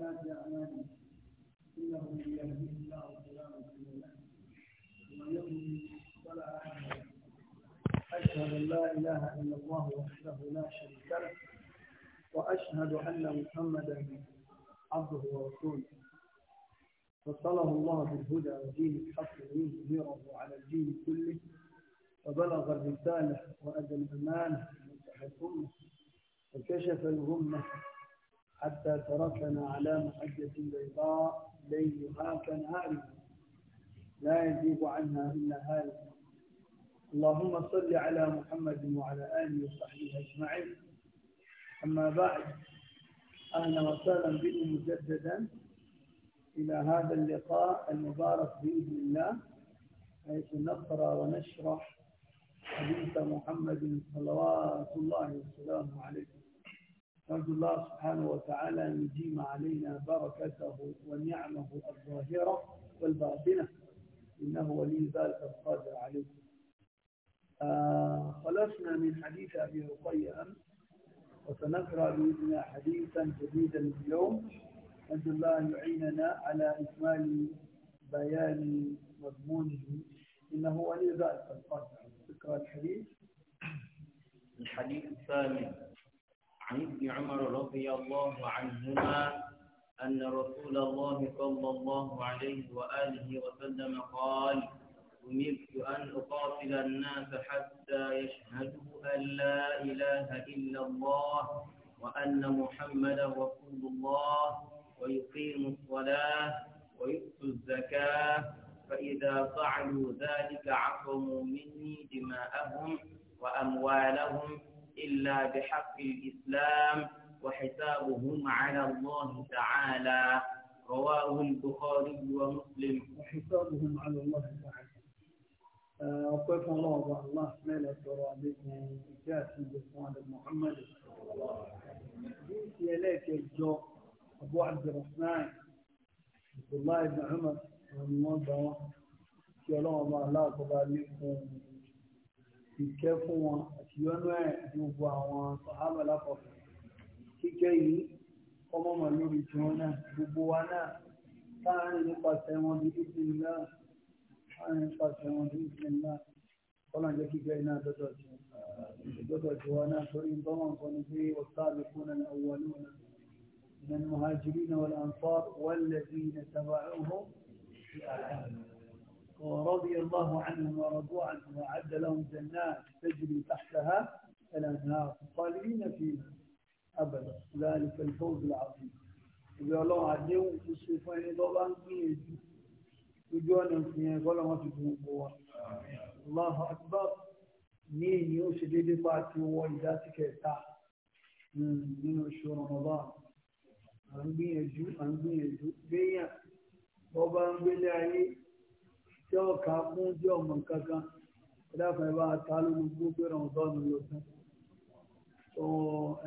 سيئات أعمالنا إنه من يهديه الله فلا مضل له أشهد أن لا إله إلا الله وحده لا شريك له وأشهد أن محمدا عبده ورسوله فصله الله بالهدى ودين الحق نيره على الدين كله وبلغ الرسالة وأدى الأمانة وانتهى الأمة وكشف الغمة حتى تركنا على محجة بيضاء ليلها كنهارها لا يزيغ عنها إلا هذا اللهم صل على محمد وعلى آله وصحبه أجمعين أما بعد أهلا وسهلا بكم مجددا إلى هذا اللقاء المبارك بإذن الله حيث نقرأ ونشرح حديث محمد صلوات الله وسلامه عليه نرجو الله سبحانه وتعالى أن يديم علينا بركته ونعمه الظاهرة والباطنة إنه ولي ذلك القادر عليه آه خلصنا من حديث أبي رقية أمس وسنقرأ بإذن حديثا جديدا اليوم نرجو الله أن يعيننا على إكمال بيان مضمونه إنه ولي ذلك القادر عليه. تقرأ الحديث الحديث الثامن عن ابن عمر رضي الله عنهما أن رسول الله صلى الله عليه وآله وسلم قال أمرت أن أقاتل الناس حتى يشهدوا أن لا إله إلا الله وأن محمدا رسول الله ويقيموا الصلاة ويؤتوا الزكاة فإذا فعلوا ذلك عصموا مني دماءهم وأموالهم إلا بحق الإسلام وحسابهم على الله تعالى رواه البخاري ومسلم وحسابهم على الله تعالى أطيف آه، الله الله ليلة رابطنا إجاسي بإخوان محمد جئت إليك الجو أبو عبد الرحمن عبد الله بن عمر رحمه الله في الله لا تباليكم ìkẹ́ fún wọn àti yọ́nú ẹ̀ gbogbo àwọn sàhábà lápapọ̀ kíkẹ́ yìí ọmọ mọ̀ lórí tí wọ́n náà gbogbo wa náà láàrin nípasẹ̀ wọn bí ìpín náà láàrin nípasẹ̀ wọn bí ìpín náà kọ́nà jẹ́ kíkẹ́ iná dọ́dọ̀ tí dọ́dọ̀ tí wọn náà torí bọ́mọ̀ nǹkan ní pé ọ̀sá àbíkún náà ọwọ́ lónà من المهاجرين والأنصار والذين تبعوهم في أعلامهم ورضي الله عنهم ورضوا عنهم وعد لهم جنات تجري تحتها الأنهار خالدين فيها أبدا ذلك الفوز العظيم إذا الله عدوا في الصفين ضلان فيه يجون في ظلمة قوه. الله أكبر مين يوسف لطاعة والداتك يتاع من عشر رمضان أنبي يجو أنبي يجو بيا بابا أنبي يجو tí ọkà fún tí ọmọ kankan ẹ̀dàkùn ẹ̀ bá ta lólobó pé rọ̀ǹdọ́nù ló tán.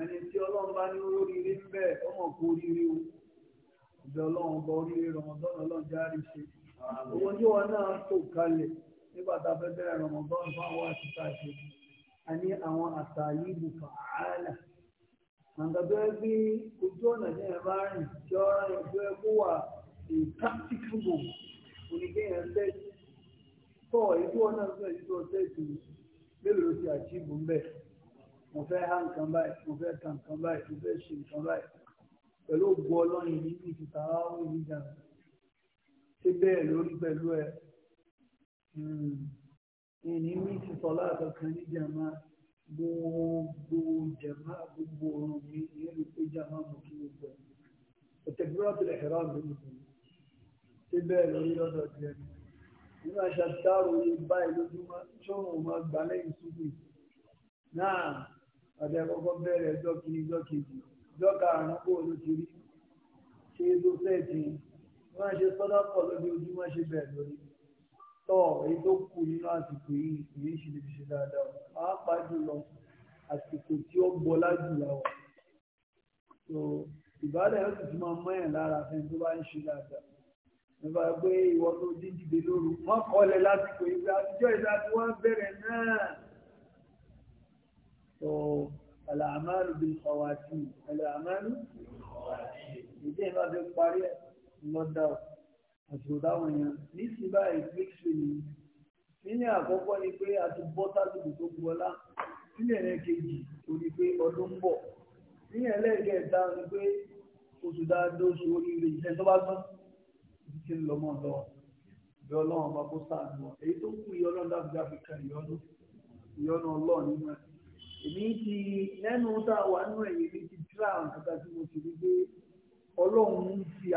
ẹni tí ọlọ́run bá ní oríire ń bẹ̀ ọmọ kó oríire o ọ̀dọ̀ ọlọ́run bọ oríire rọ̀ǹdọ́nù ọlọ́run járe ṣe. owó tí wọn náà tò kalẹ̀ nígbà tá a fẹ́ bẹ̀rẹ̀ rọ̀ǹdọ́nù fáwọn àtúntà ṣe a ní àwọn àtàyè ìbùkà ààlà àgbàdo ẹbí ojú ọ̀nà ní ẹ̀bá rìn tí ọ̀rọ̀ ẹ̀jọ́ ẹkú wà ní practicable oníkéyàn lẹ́yìn sọ ìdí wọn náà sọ ìdí ọ̀sẹ̀ ìtùnú mélòó ti àchíìbù ńbẹ̀ mo fẹ́ há nǹkan báyìí mo fẹ́ ta nǹkan báyìí mo fẹ́ ṣe nǹkan báyìí pẹ̀lú ògbó ọlọ́yin ní ní ti tàrà ó ní ìjànà ṣé bẹ́ẹ̀ lórí pẹ̀lú ẹ ìní ní ti sọ láàbọ̀ kan ní jàmá gbogbo jàmá gbogbo ọ̀run mi ìyẹn ló pé jàmá mo kí gbogbo ẹ̀ ọ̀tẹ̀gbọ́n àti ẹ̀rọ àgbẹ̀ nìkan ṣé bẹ́ẹ̀ lórí lọ́dọ̀ tiẹ̀ ni nínú àṣà dárò ní báyìí lójúmọ́ ṣọ́nà máa gbà lẹ́yìn ṣubú náà àti àkọ́kọ́ bẹ̀rẹ̀ ẹjọ́ kìíní ẹjọ́ kejì ẹjọ́ karùn-ún kó ló ti rí ṣe é tó fẹ́ẹ̀tì wọ́n ṣe sọ́dọ̀ pọ̀ lójoojúmọ́ ṣe bẹ̀rẹ̀ lórí tọ́ èyí tó kù nínú àsìkò yìí kìí ṣe lè fi ṣe dáadáa pàápàá jùlọ àsìkò tí ó gbọlá jùlọ wà ìbálẹ̀ ó sì ti máa mọ́yàn lára fún tó bá ń ṣe dáadáa nígbà pé ìwọ tó dídìde lóru wọ́n kọ́lẹ̀ lásìkò ìgbà àtijọ́ ìta tí wọ́n bẹ̀rẹ̀ náà tó alàmánù bí kọ̀wàtì alàmánù ìdí ìbá fi parí ẹ̀ lọ́dà àsìkò táwọn èèyàn ní sí báyìí mixed feelings nínú àkọ́kọ́ ni pé a ti bọ́ sásìkò tó bu ọlá sílẹ̀ lẹ́ẹ̀kejì torí pé ọdún ń bọ̀ níyẹn lẹ́ẹ̀kẹta ni pé oṣù dáadóṣù oríire ìṣẹ́ tó bá gbọ́n. tí ń lọ mọ́ lọ bí kó èyí tó kú iye ọlọ́run dábìlì áfíríkà ìyọnu ìyọnu ọlọ́run nínú ẹ̀ èmi ti lẹ́nu tá a wà nínú ẹ̀yìn mi ti nǹkan tí mo ti rí ọba ní gbogbo tí ṣe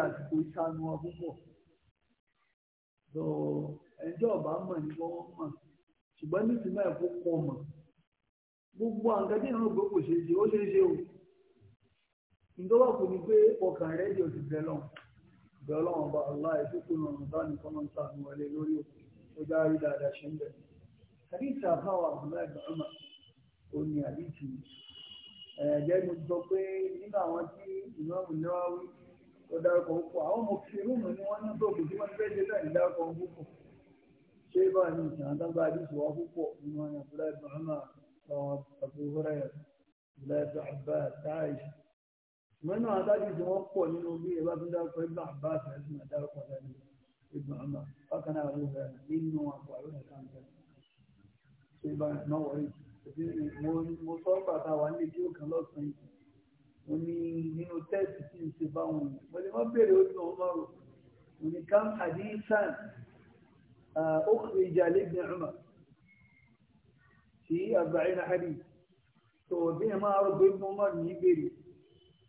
ó ṣe o ìdọ́wọ́ kò bí ọlọ́run bá aláì tó kú nà ọ̀dá nìkan máa ń ta lórí òkú ó já rí dáadáa ṣe ń bẹ̀. àdìsí àbáwà abdullahi bahama ó ní àdìsí ẹ̀ẹ́dẹ́ mi sọ pé nínú àwọn tí ìmáàmù Nawawi tó dárúkọ púpọ̀ àwọn ọmọ fìrúmù ni wọ́n ní tí wọ́n dárúkọ púpọ̀ ṣé ní àtàgbà púpọ̀ nínú àwọn abdullahi mẹ́nu àtàkì tí wọ́n pọ̀ nínú bí ẹ bá tún dárúkọ ibà bá àfẹ́sùn àdárúkọ lẹ́nu ibà àmà bákan náà ló rẹ̀ nínú àpò àrùn ẹ̀ka ń bẹ̀. ṣé ibà náà wọ̀ yìí mo sọ ọ́ bàtà wà ní ìdí òkan lọ́sàn-án yìí mo ní nínú tẹ́ẹ̀sì tí n ṣe báwọn yìí mo lè má béèrè ó dùn ọmọ rò mo ní kam hadisan ó kiri ìjà lẹ́gbẹ̀ẹ́ ọmọ sí àgbà ẹ̀ náà hadi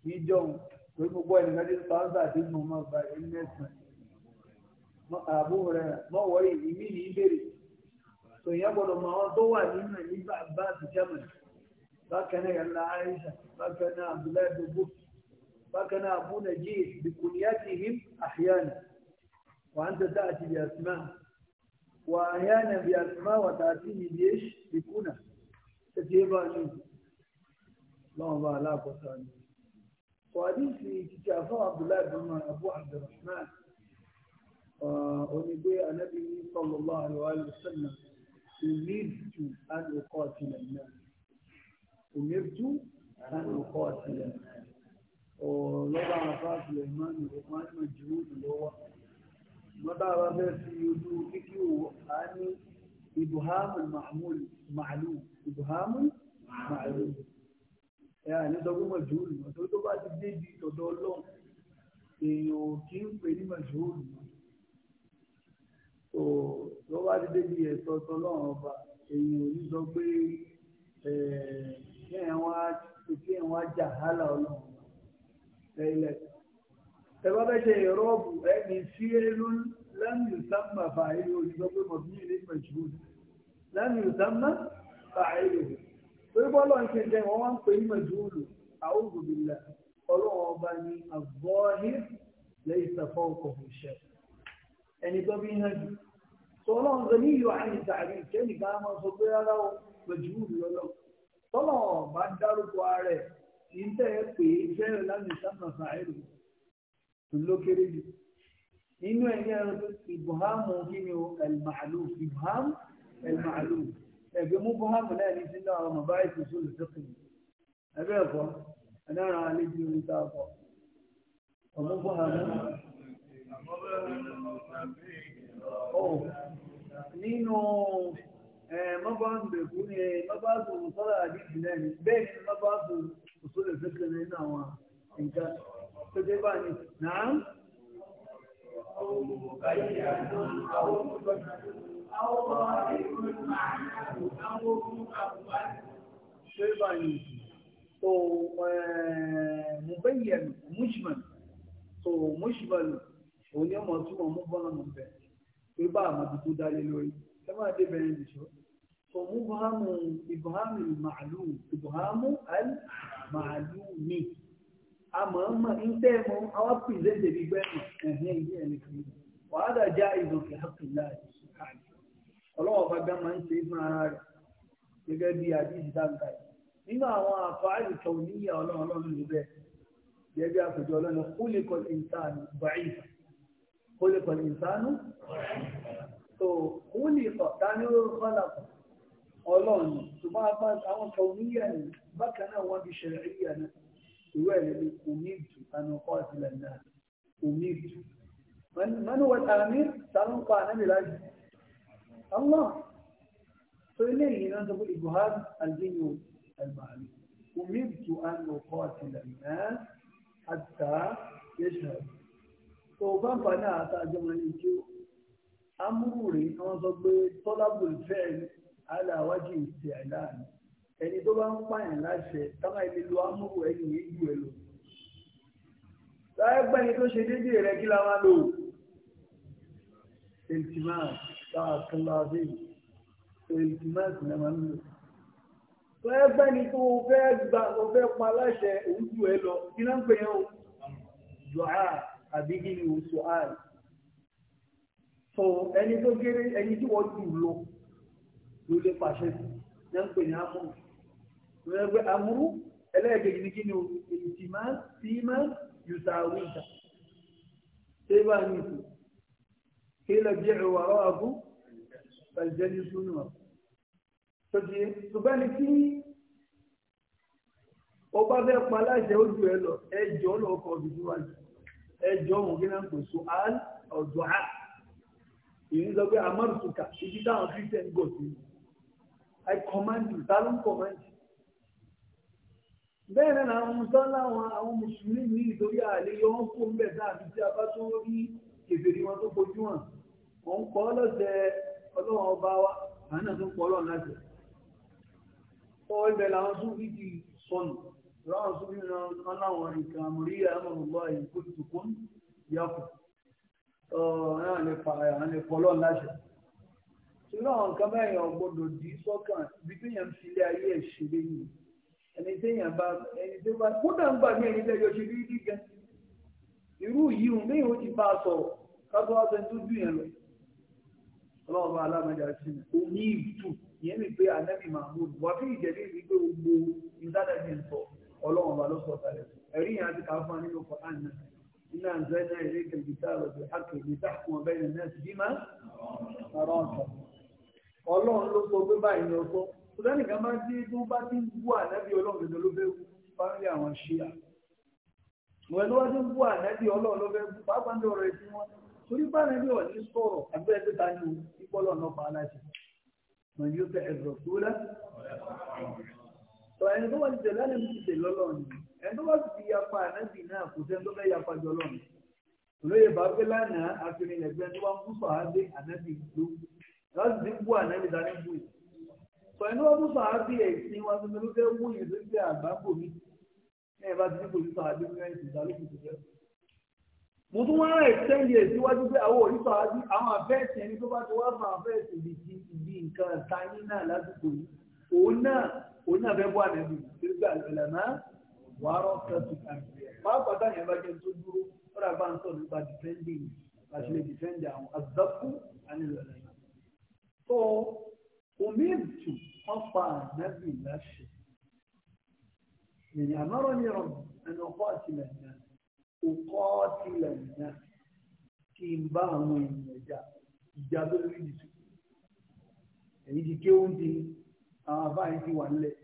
níjọ́un torí gbogbo ẹnìkan tí pàṣẹ àti mọ̀ máa gba ẹni mẹ́sàn-án àbúrò rẹ̀ mọ̀ wọ́rí ìmí yìí bèrè tó ìyẹn gbọ́dọ̀ mọ àwọn tó wà nínú ẹ̀ nígbà bá àtijọ́mọ̀ bákan náà yàrá Aisha bákan náà Abdullahi dogo bákan náà Abu Najih bikuniyatihim ahyana wa anta ta'ti bi asma wa ahyana bi asma wa ta'ti bi ish bikuna tatiba ni lọ́wọ́ bá aláàkọ́sọ ni fọdíìsì títí àfọwọ́ abdullahi bin abu abdulrahman onígbé anabi sallallahu alaihi wa sallam umirtu an uqatila an-nas umirtu an uqatila an-nas lọ́ba àfáàsì ìmánu ìmánu ìjìmúdù lọ́wọ́ mọ́tà bá bẹ́ẹ̀ sí ojú kíkí wò á ní ibùhámù màálù ibùhámù màálù ẹ àní sọ pé mọ̀júùlù mọ̀ tó tó bá ti débi tọ̀dọ̀ ọlọ́run èèyàn ò kí ń pè ní mọ̀júùlù mọ̀ tó tó bá ti débi ẹ̀tọ́ tọlọ́run ọba èèyàn ò ní sọ pé kí ẹ̀ wá kí ẹ̀ wá jà hálà ọlọ́run ẹ ilẹ̀ ẹ bá bẹ́ ṣe ìrọ́bù ẹni sí ẹlú lẹ́nu ìsámbà fàáyé olùsọ pé mọ̀júùlù lẹ́nu ìsámbà fàáyé olùsọ torí bọ́lọ̀ ń ṣe jẹ́ wọ́n wá ń pè ní mẹ̀júùlù a'udhu billah ọlọ́run ọba ní àgbọ́ọ́hí lẹ́yìn ìsàfọ́ ọkọ̀ ìṣẹ́ ẹni tó bí hàn jù tó ọlọ́run ṣe ní ìyọ̀ àyìn tààrí ìkẹ́ni ká máa sọ pé rárá o mẹ̀júùlù lọ́lọ́ tọ́lọ̀ bá dárúkọ ààrẹ kì í tẹ̀ pé fẹ́rẹ̀ láti sábà sàárò lókèrè jù nínú ẹ̀yìn ẹ̀rọ kí ni o ẹ̀lmàlú ìbùhámù ẹ̀lmàlú ẹ̀gbẹ́ mú bọ́hámù náà ní sínú àwọn ọmọ báyìí tó sólù tó kìí ẹgbẹ́ ẹ̀kọ́ ẹ̀dára àlejò ìta ọkọ̀ ọmọ bọ́hámù nínú mọ́báǹdè kú ni mọ́báǹdè sọ́lá àdìsí náà ni bẹ́ẹ̀ ni mọ́báǹdè òṣòlè fẹ́kẹ̀rẹ̀ nínú àwọn nǹkan tó dé bá náà أو مبين أو مبين أو ظاهر معناه أو مؤول شيطان so مبين مجمل so مجمل òní ọmọ túmọ̀ mú bọ́nà mọ̀ bẹ̀ pé bá àmọ́bí tó dálé lórí ẹ máa dé bẹ̀rẹ̀ nìṣó so mú bọ́hámù ìbọ̀hámù màálù ìbọ̀hámù àl màálù míì àmọ́mọ́ ń tẹ́ mọ́ àwọn pìlẹ́ǹdẹ̀ bí gbẹ́mọ̀ ẹ̀hẹ́ ilé ẹ̀mí kan wàhálà já ìdòkè àpìlá ìṣèkáàdì ọlọ́wọ́ bàbá máa ń ṣe é fún ara rẹ̀ gẹ́gẹ́ bí àdìsí dáńtà yìí nínú àwọn àfáàlì tọ̀hún níyà ọlọ́run ló bẹ́ẹ̀ gẹ́gẹ́ àpèjọ ọlọ́run kólẹ́kọ̀ọ́ ìntànù báyìí kólẹ́kọ̀ọ́ ìntànù tó kólẹ́kọ̀ọ́ dání orúkọ́lá ọlọ́run ṣùgbọ́n àwọn tọ̀hún níyà bákan wọ́n fi ṣẹ̀rẹ̀ irú ẹ̀ lẹ́nu omi ìtù àná ọkọ̀ ìsìlẹ̀ náà omi ìtù. mẹ́nu wẹ̀ta ní sálọ́ńkọ ànábì láti ọlọ́ tó ilé yìí náà tọ́kọ̀ ìbùhán àdínú ẹ̀gbàmí omi ìtù àná ọkọ̀ ìsìlẹ̀ náà àtà yẹ̀ṣẹ̀ tó bá ń paná àtàjọ́ wọn ní kí amúrú rèé wọ́n sọ pé tọ́lábùrù fẹ́ẹ̀ aláwájú ìsì àìláàánú ẹni tó bá ń pààyàn láṣẹ tábà ibi lu amúhù ẹni yìí ju ẹ lò láyé pẹ́ni tó ṣe déédéé rẹ kí la máa lò ìtìmáà láà tún láà sí ìtìmáà sì náà máa ń lò láyé pẹ́ni tó fẹ́ gbà tó fẹ́ pa láṣẹ òun ju ẹ lọ kí náà ń pè yẹn o dùá àbí kí ni o sọ àì so ẹni tó kéré ẹni tí wọ́n jù lọ ló lè pàṣẹ sí náà ń pè wọ́n gbé amúrú ẹlẹ́ẹ̀kejì ní kíni o ìtìmá tìmá yùtàwíta ṣé bá ní ìtù kí lọ jẹ́ ìwà ọ́ àbú pàlìjẹ́ni súnú ọ̀ tó ti ṣùgbọ́n ní kí ó bá fẹ́ pa aláṣẹ ó ju ẹ lọ ẹjọ́ lọ ọkọ̀ òbí wá jù ẹjọ́ òun kí náà kò so al ọ̀dọ̀ a èyí sọ pé amárùsùkà ibi táwọn christian gò sí i command you ta ló ń command you bẹ́ẹ̀ náà àwọn mùsọ́lá àwọn mùsùlùmí ní ìdórí àlè yọ wọ́n kó ń bẹ̀ dáàbí tí a bá tó ń rí kèfèrí wọn tó fojú hàn wọ́n kọ́ lọ́sẹ̀ ọlọ́run ọba wa àwọn náà tó ń pọ̀ ọlọ́run láti ọ̀ ibẹ̀ làwọn tún fi di sọnù ráwọn tún fi ran láwọn nǹkan àmúrí àmọ̀lùmọ́ ìkó tuntun yàkù ọ̀ràn lè pa àwọn lè pọ̀ ọlọ́run láti ṣùgbọ́n àwọn nǹkan bẹ́ẹ̀ ọgbọ́dọ̀ dì í sọ́kàn ibi ẹni téèyàn bá ẹni tó bá kódà ń gbà mí ẹni tẹ́ yọ ṣe rí rí gan irú yìí hùn léyìn ó ti bá a sọ̀rọ̀ kátó wá sẹ́ni tó dùn yẹn lọ ọlọ́run bá alámọ̀dé àti omi ìtù ìyẹn mi pé anabi mahmud wà fún ìjẹ́lẹ̀ ìlú pé gbogbo ìdádàbí ń sọ ọlọ́run bá ló sọ kalẹ̀ ẹ̀rí yẹn àti káfọ́ nínú kọ́tà náà iná nzẹ́nà ilé kẹ̀kẹ́tà lọ́sẹ̀ àkèké táàkùn ọ̀bẹ yẹn náà sì bímá ọ̀rọ̀ ọ̀sán ló sọ pé báyìí ni ọ̀sán sọdọ́nì kan máa ń tí tó bá ti ń bú ànábì ọlọ́run ló fẹ́ bú fámílì àwọn ṣíà ìwẹ̀ ló wá ti ń bú ànábì ọlọ́run ló fẹ́ bú pàápàá ní ọ̀rọ̀ ẹ̀sìn wọn torí báyìí ní ọ̀ní sọ̀rọ̀ abẹ́rẹ́ tó ta ní ìpọ́lọ̀ náà pa aláṣẹ wọn yóò fẹ́ ẹ̀rọ tó lẹ́ tọ́ ẹni tó wà ti tẹ̀lé àlẹ́ mi ti tẹ̀lé ọlọ́run ẹni tó wà ti fi yapa ànábì náà kò sẹ́ni tó fẹ́ yapa jọ ọlọ́run olóyè bàbá lánàá àfihàn ẹgbẹ́ tó wà ń kú sọ̀hádé ànábì ló láti ti bú ànábì dání bú yìí pẹ̀lú ọdún sàábì ẹ̀sìn wọn tuntun ló fẹ́ wú yìí tó jẹ́ àgbákò mi ẹ̀ bá ti ní kò ní sàábì ní ẹ̀sìn ìdálókù tó fẹ́. mo tún wá rẹ̀ sẹ́yìn ẹ̀ síwájú pé àwọn òní sàábì àwọn àfẹ́ẹ̀sì ẹni tó bá ti wá fún àfẹ́ẹ̀sì ibi ti ibi nǹkan tání náà lásìkò yìí òun náà òun náà fẹ́ bọ́ àdẹ́bì nígbà ìlànà wàárọ̀ kẹtù omirtu wọ́n pa ànábì láṣẹ èèyàn mọ́rọ́ ní ọ̀rọ̀ ẹni ọkọ̀ àtìlẹ̀ náà ọkọ̀ àtìlẹ̀ náà kí n bá àwọn èèyàn jà ìjà lórí ìdìtú èyí ti ké oúnjẹ àwọn afáàyè ti wà nílẹ̀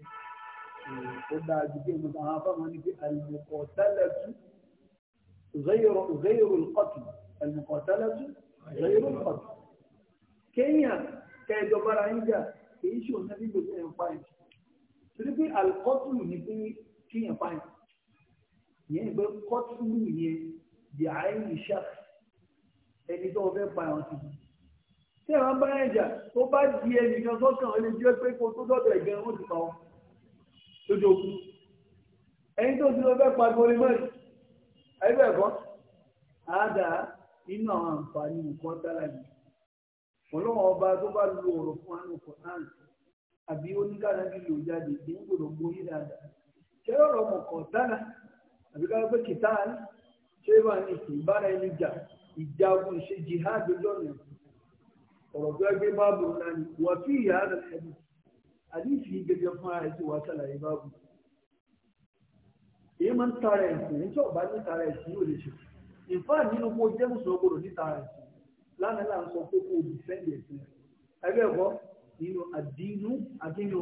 ó dáa ju kéwọn àwọn afáàmọ́ ní pé àlùmọ̀kọ̀tálẹ̀tù ghayru al-qatl àlùmọ̀kọ̀tálẹ̀tù ghayru al-qatl kéèyàn kẹjọ bára ń jà èyí ṣò ní ẹbí gbèsè ẹ̀ ń pa ẹ̀ torí pé alikọ́tùlù ni pé kí yẹn pa ẹ̀ yẹn gbé kọ́tùlù yẹn di àìní ṣá ẹni tó fẹ́ pa ẹ̀ ọ̀sìn tí ẹ̀ máa bá ẹ̀ jà tó bá di ẹnìkan sọ́kàn ó lè jẹ́ pé kó tó dọ̀dọ̀ ẹ̀gẹ́ ó ti pa ọ́ lójú ogun ẹni tó ti lọ fẹ́ pa gbọ́lé mọ́rin ẹgbẹ́ ẹ̀kọ́ àádá nínú àwọn àǹfààní nǹkan dára yìí ọlọ́wọ́n ọba tó bá lu ọ̀rọ̀ fún àánú kọ̀ọ̀nán àbí oníkànnàbí lò jáde kì gbọdọ̀ gbóyè dáadáa ṣé ọ̀rọ̀ mọ̀kọ̀tánà àbí ká pé kìtàn ṣé wà ní ìbára ẹni jà ìjagun ṣe jihad lọ́nà ọ̀rọ̀ tó ẹgbẹ́ báàbò ni wà fí ìyá rẹ̀ gẹ́gẹ́ fún ara ẹ̀sìn wà sàlàyé èyí máa ń tara ẹ̀sìn ní tí ní tara ẹ̀sìn yóò lè ṣe lánàá là ń sọ pé kò dìfẹ́ǹdì ẹ̀sìn ẹgbẹ́ ẹ̀kọ́ nínú àdínú àdínú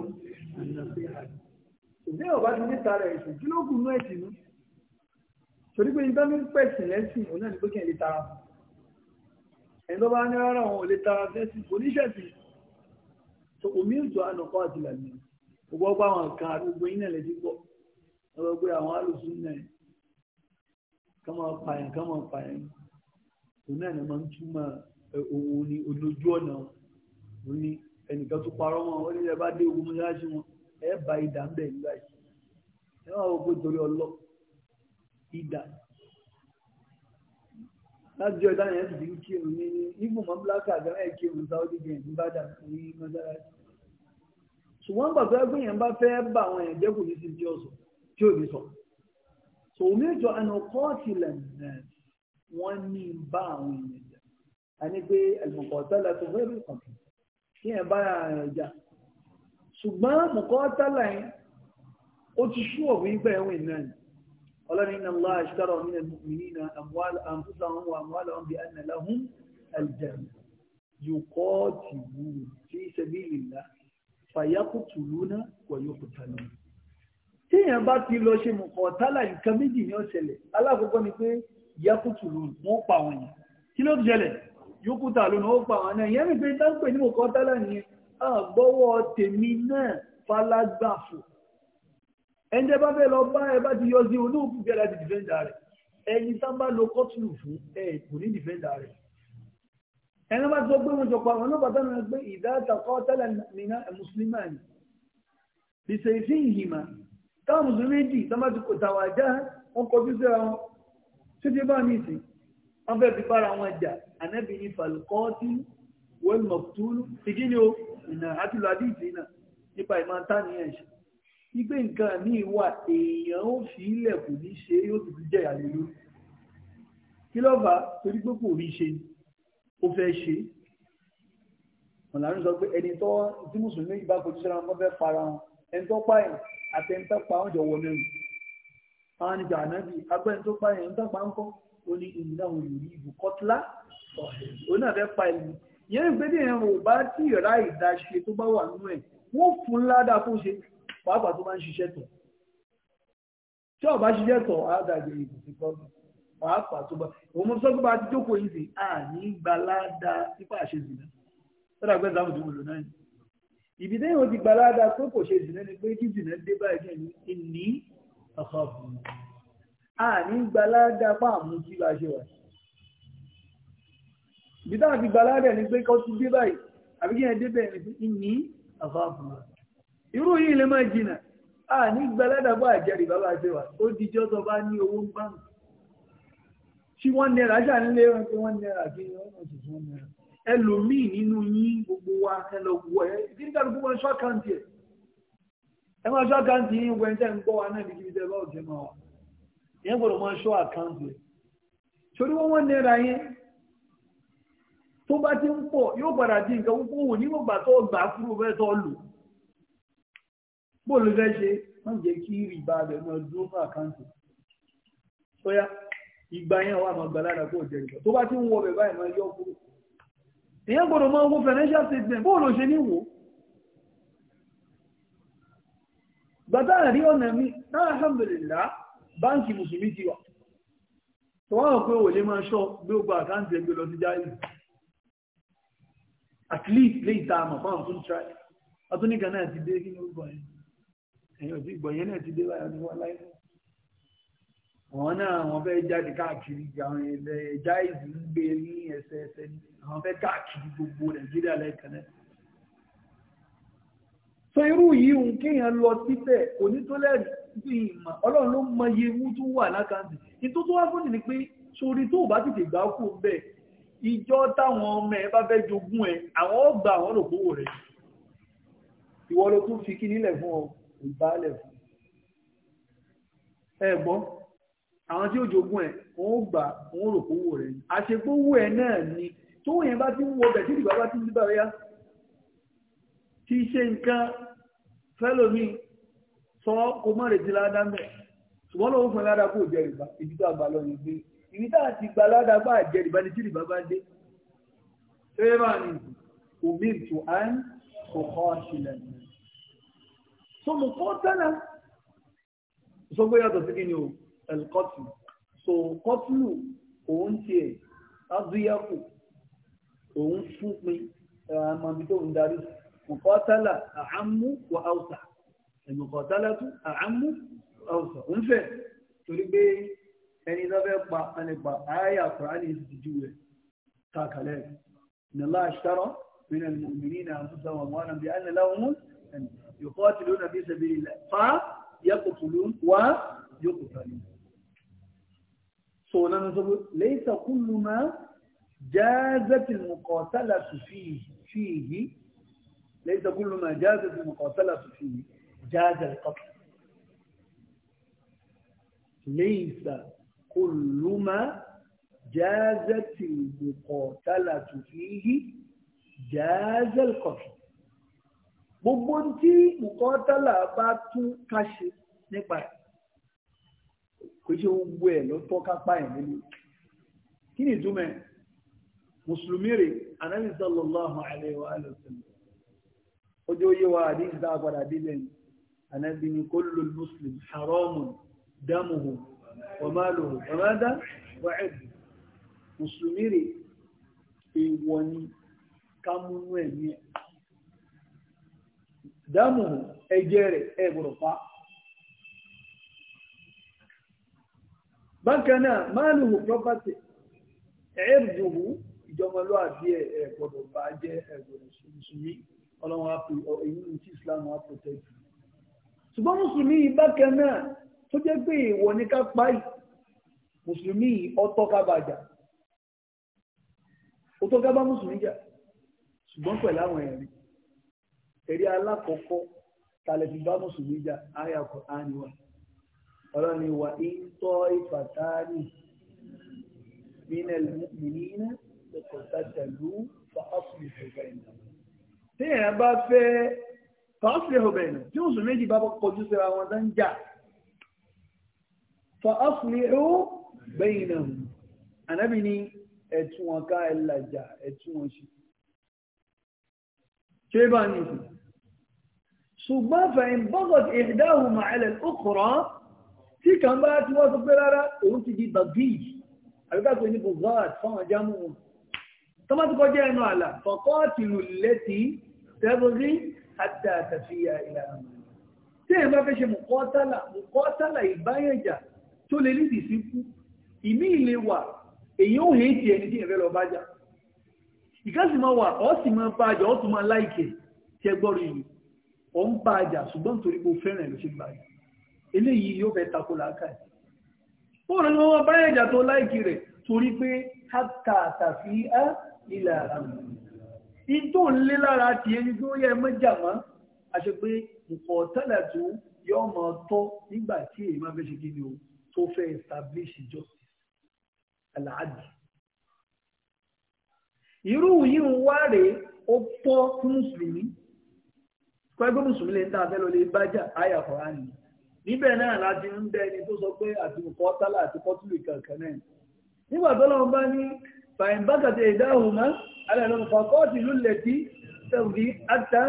ànàfẹ́ àdì òbí ọba ti ní tara ẹ̀sìn kí ló kù nú ẹ̀sìn nú torí pé nígbà mímú pẹ̀sìn lẹ́sìn òun náà ní pé kí ẹ̀ lè tara ẹni tó bá ní rárá òun ò lè tara fẹ́sìn kò níṣẹ̀sìn tó omi ń tọ́ ànàkọ́ àtìlẹ̀ mi gbogbo ọgbà àwọn kan àdúgbò yín náà lè ti gbọ́ ọ̀rọ̀ pé àwọn alùsùn náà kama pààyàn kama pààyàn òun náà ni máa ń túmọ̀ òun ni olójú ọ̀nà òun ni ẹnìkan tó parọ́ wọn wọ́n ní ẹ bá dé ogun mọ́ṣáláṣí wọn ẹ bá ìdá ń bẹ̀ nígbà yìí ẹ wá wọ́n pé torí ọlọ́ ìdá láti jọ ìdáhùn yẹn ti ń kírun ní ibùn mọ́bíláṣà gan ẹ̀ kírun sáwọ́dí gan ní bàdà ní mọ́ṣáláṣí ṣùgbọ́n gbàgbọ́ ẹgbẹ́ yẹn bá fẹ́ bá àwọn yẹn jẹ́ kò ní sí ti ọ̀sọ̀ tí ò ní sọ so omi ní bá àwọn a ní pé àlùmọ̀kọ̀tàlà tó fẹ́ẹ́ rìn kọ̀ọ̀kan kí ẹ bá ààrẹ jà ṣùgbọ́n mọ̀kọ̀tàlà yẹn ó ti ṣú ọ̀wé gbẹ̀ ẹ̀wìn náà ni ọlọ́run iná lọ àṣìkárọ̀ nínú ìmìnì na àmúfúsà wọn wà àmúhàlà wọn bí i ànà láhùn àlùjẹ̀rù yòókọ́ tì wù sí sabilillah fàyàkùtùlúnà wọ̀yọ̀kùtàlù téèyàn bá ti lọ ṣe mọ̀kọ̀tàlà nǹkan méjì ni ó alákọ̀ọ́kọ́ ni pé yàkùtùlù wọn pa wọn yẹn kí ló ti ṣẹlẹ̀ yókùtà lónà ó pa àwọn náà ìyẹn mi pé dáńpé ní mọ̀kọ́ tálà nìyẹn àgbọ́wọ́ tèmi náà falágbàfò ẹnjẹ́ bá fẹ́ lọ bá ẹ bá ti yọ sí olú òkùnkẹ́ láti dìfẹ́ǹdà rẹ̀ ẹni tá bá lo kọ́tùlù fún ẹ kò ní dìfẹ́ǹdà rẹ̀ ẹni bá sọ pé wọn jọ pa àwọn náà bá ti kò tàwà já wọn kọjú síra wọn anábì ní falkọ́tí wọ́n mọ̀túlù ti kí ni ó ìnà àti lọ́dí ìdínà nípa ìmọ̀ta ní ẹ̀ṣẹ̀ igbe nǹkan ní ìwà èèyàn ó fi ilẹ̀ kò ní ṣe yóò sì fi jẹ̀yà lé lórí kí ló fà torí pé kò rí ṣe ó fẹ́ ṣe ọ̀làrin sọ pé ẹni tó tí mùsùlùmí bá kojú sẹ́ra wọn fẹ́ fara wọn ẹni tó pààyàn àti ẹni tó pa wọn jọ wọ mẹ́rin àwọn ìgbà ànábì agbẹ́ni tó pààyàn ẹni tó pa ń kọ́ ó ní ìnáwó ìlú ìbùkọ́tìlá òun náà fẹ́ pa ẹni yẹn gbé ní ẹ̀rọ bá tí ìrá ìdáṣe tó bá wà nínú ẹ̀ wọ́n fún ládàá tó ṣe pàápàá tó bá ń ṣiṣẹ́ tọ̀ tí ọba ṣiṣẹ́ tọ̀ àdàgbé ìbò sí kọ́ọ̀tù pàápàá tó bá òun mo sọ pé bá ti jókòó yìí sí àní gba ládàá nípa àṣẹ ìsìnà sọ́dà pé dáhùn tó wùlò náà ni ìbí tẹ́yìn ó ti gba ládàá pé kò ṣe ìsìnà ni pé kí ìsìnà dé báyìí ní ìní ọ̀kọ̀ àní gba ládàá bido àti gbaládẹ̀ ní pé kọ́ ti dé báyìí àbí kí ẹ dé bẹ̀rẹ̀ sí ìní àfáàfù irú yìí lè máa jìnà a ní gbaládà bá àjẹrì bàbá àti wà ó dijọ́ tó bá ní owó ń bá mi tí wọ́n nẹ́ra ṣáà nílé wọn pé wọ́n nẹ́ra àbí wọ́n mọ̀ sí wọ́n nínú yín gbogbo wa ẹ lọ wọ ẹ kí ní wọn àkáǹtì ẹ máa àkáǹtì yín ń wa náà máa wà ìyẹn tó bá ti ń pọ̀ yóò padà di nǹkan púpọ̀ wò nígbàgbà tó gbà kúrò fẹ́ tó lò bóòlù fẹ́ ṣe wọ́n jẹ́ kí rìbá rẹ̀ náà dúró fún àkáǹtì sọ́yá ìgbà yẹn wà máa gbàlára kó jẹ ìgbà tó bá ti ń wọ bẹ̀ báyìí máa yọ kúrò èyàn gbọ́dọ̀ máa wo financial statement bóòlù ṣe ní wò gbàtà rí ọ̀nà mi náà alhamdulillah báńkì mùsùlùmí ti wà tọ́wọ́n pé òlé máa ṣọ́ gbé ogbà àkáǹtì ẹgbẹ́ lọ sí jáì at least lè dá àmọ̀ fáwọn tó ń tra ọdún ní Ghana ti dé kí ni ó gbọ́ yẹn ẹ̀yìn òsì gbọ́ yẹn náà ti dé láyọ̀ ní wọ́n láyé àwọn náà wọ́n fẹ́ jáde káàkiri àwọn ilẹ̀ ẹja ìlú ń gbé ní ẹsẹ̀ ẹsẹ̀ àwọn fẹ́ káàkiri gbogbo Nàìjíríà lẹ́ẹ̀kan náà so irú yìí ń kéèyàn lọ títẹ̀ onítọ́lẹ̀ bí ìmọ̀ ọlọ́run ló mọ iye ewu tó wà lákàntì ìtó tó wá fún ni pé sórí tó bá tètè gbà kú bẹ́ẹ̀ ìjọ táwọn ọmọ ẹ bá fẹ́ jogún ẹ àwọn ọgbà àwọn olùgbówó rẹ ìwọ ló tún fi kí nílẹ̀ fún ọ ìbálẹ̀ fún ẹ gbọ́ àwọn tí ó jogún ẹ wọn ó gbà wọn ó rògbówó rẹ àṣepówó ẹ náà ni tó yẹn bá ti ń wọ bẹ̀ tí ìgbà bá ti ń bá ya tí ṣe nǹkan fẹ́lòmí sọ kò mọ̀ rètí ládàá mẹ́ ṣùgbọ́n lóun fún ládàá kò jẹ ìgbà ìdí tó àgbà lọ gbé ìbí tá àti gbalada bá jẹ ìbánitìrì bàbá dé fẹ́ràn ni omi ètò à so mo kọ́ tánà sọ so kọ́tùlù òun tiẹ̀ azúyàkù òun fún pin àmàbí tó ń darí mọ̀kọ́tálà àámú wa áùsà ẹ̀mọ̀kọ́tálà tún àámú wa áùsà òun fẹ́ torí pé ẹni tó fẹ́ pa ẹnìgbà àyà kùránì ìdíjú rẹ̀ kàkàlẹ̀ nílá àṣìṣàrọ̀ nínú ìmọ̀mìnì náà ń sọ wọn wọn bí ẹni láwọn ẹni yòókọ́ ti lónà bí sẹ́bi ilẹ̀ fa yẹ́kùtùlù wá yókùtàlù. sọ̀rọ̀ náà sọ pé lẹ́yìn kúlù máa jáàzẹ́tì mùkọ̀tàlà fìhì lẹ́yìn kúlù máa jáàzẹ́tì mùkọ̀tàlà fìhì jáàzẹ́ kọ́kì. lẹ́yìn sọ̀rọ̀ كل ما جازت المقاتلة فيه جاز القتل gbogbo tí mùkọ́tàlà bá tún káṣe nípa ẹ̀ kò ṣe gbogbo ẹ̀ ló tọ́ kápá ẹ̀ nínú kí ni ìtumẹ̀ mùsùlùmí rè anábì sallallahu alaihi wa sallam ojú oyé wa àdéhùn tá a padà dé lẹ́yìn kullu muslim haramun damuhu وماله وماذا وعرضه mùsùlùmí rè èèwọ̀ ni ká múnú ẹ̀mí ẹ̀ dáàmù ẹ̀jẹ̀ rẹ̀ ẹ̀ gbọ́dọ̀ pa bákan náà máàlùmù property ẹ̀ẹ́dùnmù ìjọmọlúwàbí ẹ̀ gbọ́dọ̀ bá jẹ́ ẹ̀gbọ̀dọ̀ mùsùlùmí ọlọ́run tó jẹ́ pé ìwọ ní ká pa yìí mùsùlùmí yìí ọtọ́ ká bá jà ọtọ́ ká bá mùsùlùmí jà ṣùgbọ́n pẹ̀lú àwọn ẹ̀rí ẹ̀rí alákọ̀ọ́kọ́ tàlẹ̀ fi bá mùsùlùmí jà àyà Kùránì wa ọlọ́ni wa ń tọ́ ìfàtàní minal mu'minina lẹ́kọ̀ọ́ tàtàlú fàásùlù ìfẹ̀fẹ̀ ìnáwó. téèyàn bá fẹ́ fàásùlù ìfẹ̀fẹ̀ ìnáwó tí mùsùlùmí méjì bá kọjú síra wọn tó ń jà fa aslihu bainahum ànábì ní ẹ̀tún wọn ká ẹlàjà ẹ̀tún wọn ṣe ṣe bá ní ìsìn ṣùgbọ́n fẹ̀yìn bọ́gọ̀t ihdahum ala al-ukhra tí kan bá tí wọ́n sọ pé rárá òun ti di bagij àbíkàtò ní bùgọ́t fáwọn jámù wọn tọ́mọ́tí kọjá ẹnu àlà faqatilu allati tabghi hatta tafiya ila amrillah tí èèyàn bá fẹ́ ṣe mùkọ́tàlà ìbáyẹ̀jà tó lè lídì sí kú ìmí ilé wà èyàn ò hẹ́ẹ̀tì ẹni tí ẹ̀fẹ́ lọ bá jà ìkásí máa wà ọ́ sì máa bá jà ọ́ tún máa láìkẹ̀ tí ẹ gbọ́rọ̀ ìlú ọ̀ ń bá jà ṣùgbọ́n torí pé ó fẹ́ràn ẹ̀ ló ṣe gbà jà eléyìí yóò fẹ́ tako làákà ẹ̀ ó rẹ̀ lọ́wọ́ bá ẹ̀jà tó láìkì rẹ̀ torí pé káàkà àtàfi á ilẹ̀ ara mi in tó ń lé lára ti ẹni tó yẹ mẹ́jà mọ́ àṣẹ pé nǹkan tẹ́lẹ̀ tó yọ ọmọ tọ́ nígbà tí èyí máa fẹ́ ṣe kí ni o tó fẹ́ establish justice aláàdì. irú yìí ń wá rèé ó pọ́ mùsùlùmí pẹ́gbẹ́ mùsùlùmí lè ń tà fẹ́lọ́ lè bájà àyà kọ̀ọ̀rá ni níbẹ̀ náà láti ń bẹ ẹni tó sọ pé àti nǹkan tálà àti pọ́tùlù kankan náà nígbà tó lọ́wọ́ bá ní fàyín ìdáhùn mọ́ alẹ́ lọ́nà fàkọ́ọ̀tì lólẹ̀ tí tẹ̀wì àtà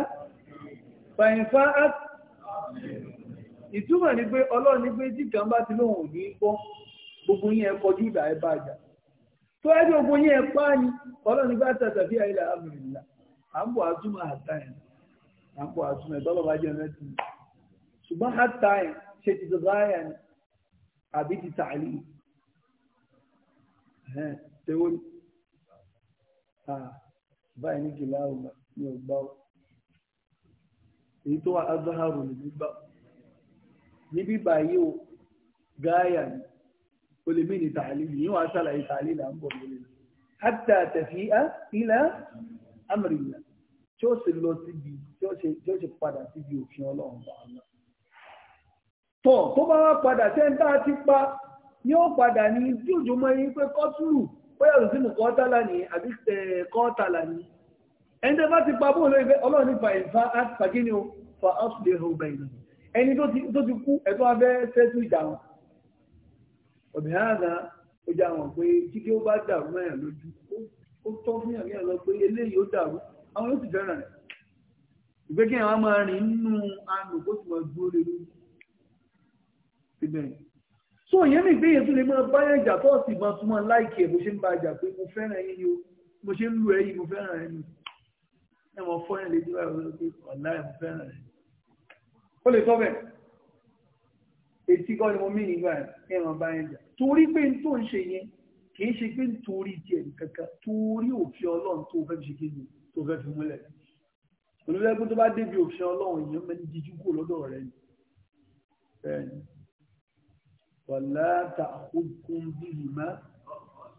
fàyín fáà ìtumọ̀ ni pé ọlọ́run ní pé tí kan bá ti gbogbo yín ẹ kọjú ìdá ẹ bá jà tó ẹ bí gbogbo yín ẹ pa ni ọlọ́run ní bá tàtà bí ayé làá mìíràn ńlá à ń bọ̀ àtúmọ̀ àtà à ń bọ̀ àtúmọ̀ jẹ́ mẹ́tì ṣùgbọ́n àtà ṣe ti àbí ti tààlì báyìí níbí báyìí o gáyà ni o lè mí ní tààlì yìí wọ́n á ṣàlàyé tààlì là ń bọ̀ lórí rẹ̀ hátà tẹ̀fíà ila amrillah tí ó sì lọ síbi tí ó sì padà síbi òfin ọlọ́run bá ọ̀la tọ̀ tó bá wá padà sẹ́ńtà ti pa ni ó padà ní tí òjò ẹni pé kọ́tùrù bóyá òsì mú kọ́tàlá ni àbí kọ́tàlá ni ẹni tẹ́ bá ti pa bóòlù ọlọ́run ní fa ìfá àti fàkíní o fa ọ́sùn ẹni tó ti kú ẹ̀tọ́ abẹ́ sẹ́tù ìjà wọn òmìnira náà ó já wọn pé jíde ó bá dàrú mẹ́rin lójú ó tọ́ fún yàn yàn lọ pé eléyìí ó dàrú àwọn yóò sì fẹ́ràn rẹ̀ ìgbé kí àwọn máa rìn nínú àánú kó sì máa dúró lé lórí so ìyẹn mi gbé yẹn tó lè máa báyà ìjà tó sì máa túmọ̀ láìkì ẹ̀ bó ṣe ń ba ìjà pé mo fẹ́ràn yín ni o mo ṣe ń lu ẹ̀yìn mo fẹ́ràn ẹ̀ ni ẹ̀ mọ̀ fọ́yàn lè dúró ẹ̀ ó lè sọ bẹ́ẹ̀ ètí kọ́ ni mo mí nígbà ẹ̀ràn bá yẹn jà torí pé n tó ń ṣe yẹn kì í ṣe pé nítorí tiẹ̀ kankan torí òfin ọlọ́run tó fẹ́ ṣe kéde tó fẹ́ fi múlẹ̀ olùdókòwò tó bá débi òfin ọlọ́run yẹn mẹ́ni jíjú kúrò lọ́dọ̀ rẹ̀ ni bẹ́ẹ̀ ni wàlá ta'khudhukum bihima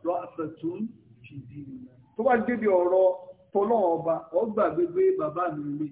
ra'fatun fi dinina tó bá débi ọ̀rọ̀ tọ́lọ́run ọba ọgbà gbégbé bàbá mi lè.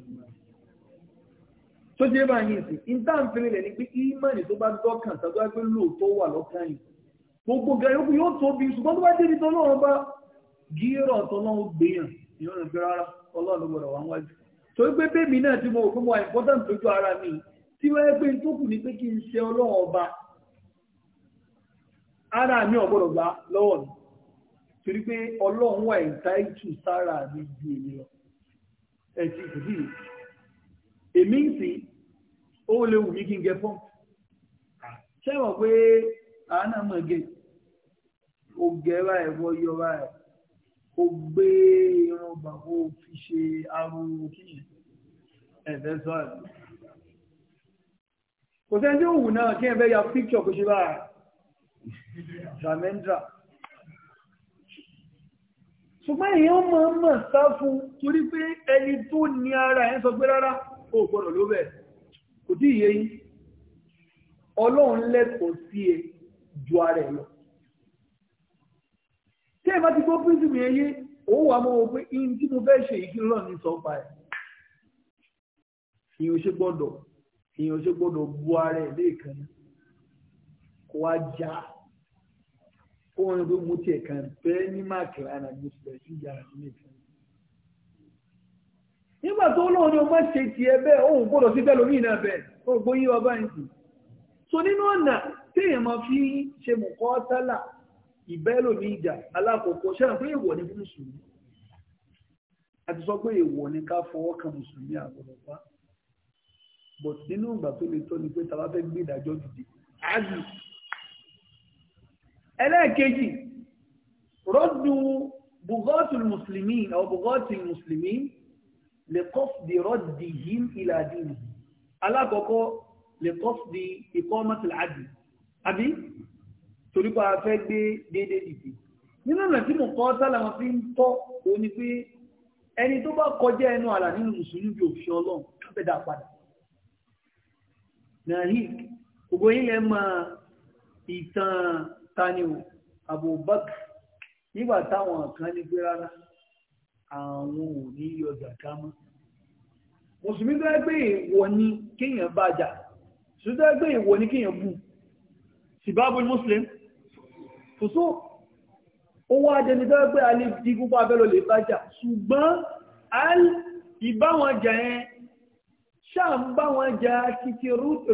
tó jẹ́ bá yín sí intanfin rẹ̀ ni pé ìmọ̀nì tó bá dọ́kàn tó bá pé lóòótọ́ wà lọ́kàn yìí gbogbo gẹ̀rẹ́ yókù yóò tóbi ṣùgbọ́n tó bá débi bá gírọ̀ tó lọ́wọ́ ìyọ́n rẹ̀ rárá ọlọ́run gbọ́dọ̀ wájú pé bébì náà ara mi tí wọ́n yẹ pé tó kù ni pé kí n ṣe ọlọ́run ọba ara mi ò gbọ́dọ̀ lọ́wọ́ mi torí pé ọlọ́run wà mi èmi lọ ó lè wù mí kí n gẹ fọ́ọ̀mù ṣẹ́wọ̀ pé àánà mọ̀ gẹ ó gẹ báyìí wọ́ yọ báyìí ó gbé irun bàbá ó fi ṣe arúgbó kí ẹ̀fẹ́ sọ ẹ̀ kò sẹ́ni tí ó wù náà kí ẹ fẹ́ ya píkṣọ̀ kó ṣe báyìí ramendra ṣùgbọ́n èèyàn máa ń mọ̀ sá torí pé ẹni tó ní ara ẹ̀ sọ pé rárá ó gbọ́dọ̀ ló bẹ̀rẹ̀ kò tí ì yé yín ọlọ́run lẹ́kọ̀ọ́ sí e ju ara ẹ̀ lọ. tí ẹ bá ti gbọ́ pírísìmù yẹn yé òun wà mọ́ wọn pé ihun tí mo fẹ́ ṣe yìí kí ní sọ pa ẹ̀. ìyẹn ò ṣe gbọ́dọ̀ ìyẹn ò ṣe gbọ́dọ̀ bu ara ẹ̀ lẹ́ẹ̀kan kó wá já kó wọn ní pé mo tiẹ̀ kàn bẹ́ẹ̀ ní máàkì lára mo sì bẹ̀rẹ̀ sí ìyára nílé ìfẹ́ nígbà tó lóun ni o máa ṣe ti ẹ bẹ́ẹ̀ òun gbọ́dọ̀ sí bẹ́ẹ̀ lórí ìnà bẹ́ẹ̀ ó gbóyí ọba yìí sí so nínú ọ̀nà téèyàn máa fi ṣe mọ̀kọ́ tálà ìbẹ́lò ní ìjà alákòókò ṣẹ́yàn pé èèwọ̀ ni fún mùsùlùmí àti sọ pé èèwọ̀ ni ká fọwọ́ kan mùsùlùmí àgbọ̀dọ̀pá but nínú ìgbà tó le tó ni pé tàbá fẹ́ gbé ìdájọ́ dìde áàdù ẹlẹ́ẹ̀kejì rọ́dù bùgọ́tù mùsùlùmí àwọn bùgọ́tù mùsùlùmí lè kọ́fìdì rọ́dì yìí ilà àdìyí alákọ̀ọ́kọ́ lè kọ́fìdì ikọ́ mọ́tìlá àdì àbí torí pa fẹ́ gbé déédéé dìde nínú ọ̀nà tí mo kọ́ sálà wọn fi ń tọ́ òní pé ẹni tó bá kọjá ẹnu àlà nínú mùsùlùmí bí òfin ọlọ́run kápẹ́ dà padà nàhík gbogbo ilẹ̀ mọ ìtàn tani o Abubakar nígbà táwọn kan ní gbé rárá àwọn ò ní yọ zàká mọ́ mùsùlùmí tó ẹgbẹ́ ìwọ ni kíyàn bá jà ṣùgbọ́n tó ẹgbẹ́ ìwọ ni kíyàn bú sìbábù muslim fòsó ó wá jẹni tó ẹgbẹ́ alẹ́ di gbogbo abẹ́lọ lè bá jà ṣùgbọ́n ìbáwọn jà yẹn ṣáà ń bá wọn jà títí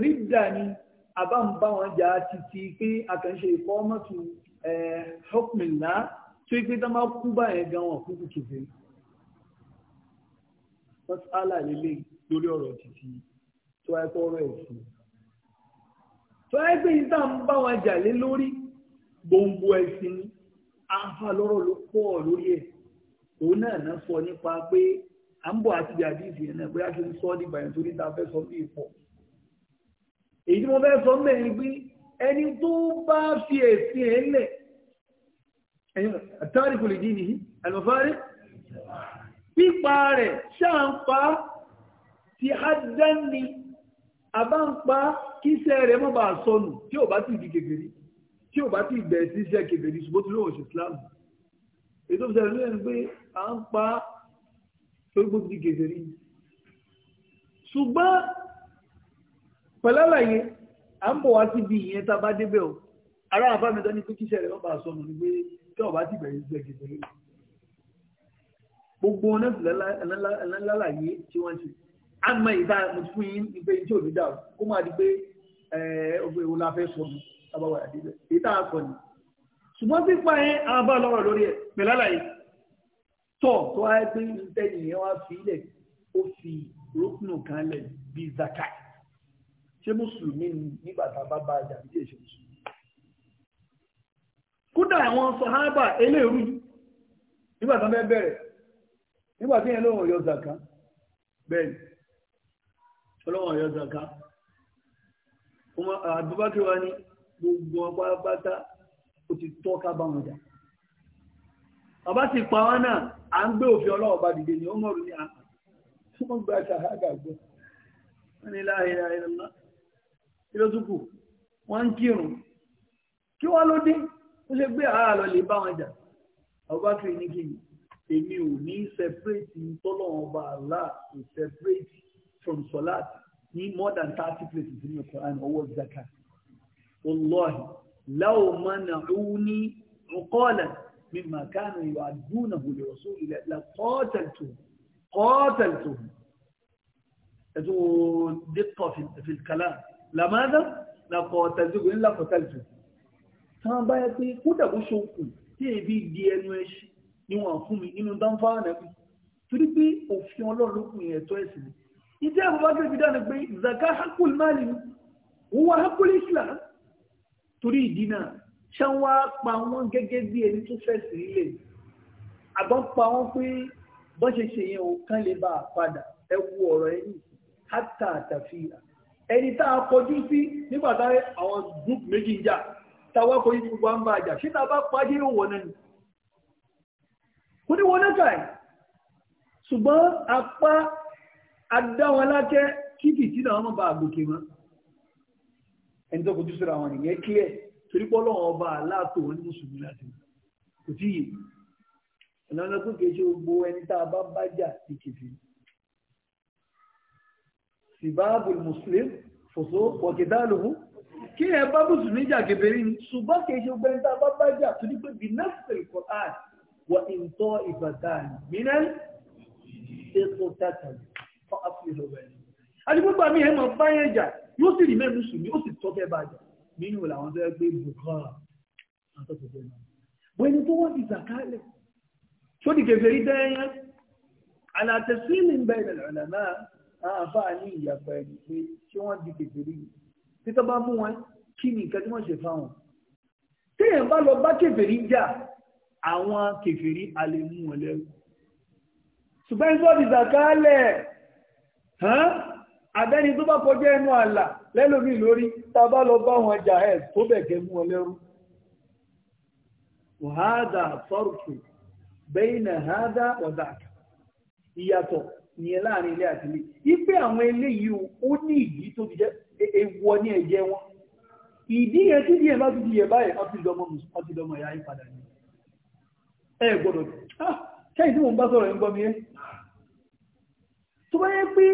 rídà ni àbá ń títí pé àkànṣe ìkọ́ mọ́tò ẹ̀ hukmillah tó ipé tó máa kú báyẹn gan wọn kúkú kìfèé mọ́sálà nílé lórí ọ̀rọ̀ títí tó wáyé pé ọ̀rọ̀ ẹ̀sìn. tó wáyé pé ìta ń bá wọn jà lé lórí gbòǹgbò ẹ̀sìn ni àǹfà lọ́rọ̀ ló pọ̀ lórí ẹ̀ òun náà náà sọ nípa pé à ń bọ̀ àti àdìsí ẹ̀ náà bóyá kí n sọ ọ́ dìgbà torí ta fẹ́ sọ bí ìpọ̀. èyí tí mo fẹ́ sọ mẹ́rin pé ẹni tó bá fi ẹ̀sìn ẹ̀ lẹ̀ ẹ̀yìn àtàrí lè dín nìyí àlùfáà rẹ̀ pípa rẹ̀ ṣáàǹpa ti hajjani àbáǹpa kíṣẹ́ rẹ̀ mọ́ bá sọnù tí ò bá ti di kèfèrí tí ò bá ti bẹ̀rẹ̀ sí iṣẹ́ kèfèrí ṣùgbọ́n tí lóòṣì islam ètò ìṣẹ̀lẹ̀ ló yẹn pé à ń pa torí gbogbo di kèfèrí ṣùgbọ́n pẹ̀lálàyé à ń bọ̀ wá síbi ìyẹn tá a bá débẹ̀ o ará àbámẹ́ta ní pé kíṣẹ́ rẹ̀ mọ́ bá sọnù ni pé tí ò bá ti bẹ̀rẹ̀ sí iṣẹ́ kèfèrí gbogbo ọ̀nàlàyé tí wọ́n ti àmọ́ ìdá mo fún yín ní pé tí ò ní dà kó máa di pé ọgbẹ́ ìwò la fẹ́ sọ mi tábàwà àdébẹ̀ èyí tá a sọ ni ṣùgbọ́n pípa ẹ àwọn bá lọ́rọ̀ lórí ẹ̀ pẹ̀lálàyé tọ̀ tó wáyé pé ìtẹ̀yìn yẹn wá fi ilẹ̀ ó fi rókùnù kan lẹ̀ bí zakat ṣé mùsùlùmí nígbà tá a bá bá a jà bí èṣe mùsùlùmí kódà àwọn sọ̀hábà eléèrú nígbà tá a bẹ́ nígbà tí yẹn lóhùn ọ̀yọ́ zaka bẹ́ẹ̀ ọlọ́hùn ọ̀yọ́ zaka Abubakar wa ní gbogbo apárápátá ó ti tọ́ ká bá wọn jà bàbá ti pa wọn náà à ń gbé òfin ọlọ́wọ́ bá dìde ní ó mọ̀rún ní àná tí wọ́n gba ṣàhádà gbọ́ wọ́n ní láàrin àìrìn ńlá kí ló kù wọ́n ń kírun kí wọ́n ló dé ó ṣe gbé àárọ̀ lè bá wọn jà Abubakar ní kí ni èmi ò ní separate tọ́lọ́wọ́n ọba Allah to separate from salat ní more than thirty places in nínú Quran ọwọ́ zakat wallahi law mana'uni uqalan mimma kanu yu'addunahu li rasulillah la qataltuhum qataltuhum ẹ̀tọ́ dẹ́kọ̀ fi kàlá lamada la qataltuhum illa qataltuhum tán báyẹ̀ pé kúdà bó ṣokùn tí èbí di ẹnu ẹṣin ni wọ́n fún mi nínú dánfà ànábì torí pé òfin ọlọ́run yẹn ẹ̀tọ́ ẹ̀sìn ni ìdí àbúbákẹ́ fi dáná pé zaka hakul mali ni wọ́n wá hakul islam torí ìdí náà ṣán wá pa wọ́n gẹ́gẹ́ bí ẹni tó fẹ̀sìn ilẹ̀ àbọ̀n pa wọ́n pé bọ́n ṣe ṣe yẹn ò kán lè bá a padà ẹ wo ọ̀rọ̀ ẹni hátà àtàfihàn ẹni tá a kọjú sí nígbà táwọn gúúpù méjì ń jà táwọn kọjú sí gbogbo à ń ṣé tá a bá pàdé òwò náà kò ní wọ́n lẹ́tà ẹ̀ ṣùgbọ́n apá adáwọn alákẹ́ kí fìtí náà mọ́ bá àgbòkè mọ́ ẹni tó kojú síra wọn nìyẹn clear torí pé Ọlọ́run ọba aláàtò wọn ní mùsùlùmí láti kò tí yìí ìlànà tó kéṣe gbogbo ẹni tá a bá bá jà ní kìfì sìbáàbù mùsùlùmí fòsó wọ̀kìdálùmù kí ẹ bá mùsùlùmí jà kẹfẹ́rí ni ṣùgbọ́n kéṣe gbogbo ẹni tá a bá bá jà torí pé bí nọ́ọ̀sì kọ̀ọ̀án وإن طائفتان من اقتتلوا فأصلحوا بينهما àti gbogbo àmì ẹ̀ máa báyẹn ìjà yóò sì rí mẹ́rin sùnmí ó sì tọ́ fẹ́ bá jà nínú làwọn tó yẹ pé bùkọ́ àtọ́tọ̀tọ̀ náà wẹ́ni tó wọ́n ti zàkálẹ̀ tó di kẹfẹ́ rí dẹ́yẹ alàtẹ̀sílì ń bẹ̀rẹ̀ lọ́la náà àáfà ní ìyàpọ̀ ẹ̀rí pé ṣé wọ́n di kẹfẹ́ rí títọ́ bá mú wọn kí ni nǹkan tí wọ́n ṣe fáwọn téèyàn bá lọ bá kẹfẹ́ rí jà àwọn kèfèrí a lè ṣùgbọ́n tó bá ẹnu àlà lẹ́lòmí lórí tàbá lọ bá wọn jà ẹ̀ tó mú wàhádà hádà ọ̀dàkà ìyàtọ̀ láàrin ilé àwọn eléyìí ó ní ìdí tó jẹ́ ẹ̀jẹ̀ wọn ìdí yẹn tí bá ti di yẹ báyìí ọtí lọmọ ìyá ẹ gbọ́dọ̀ ṣẹ́yìn ah, tí mo ń bá sọ̀rọ̀ ń gbọ́ mi ẹ́ tó bá yẹ pé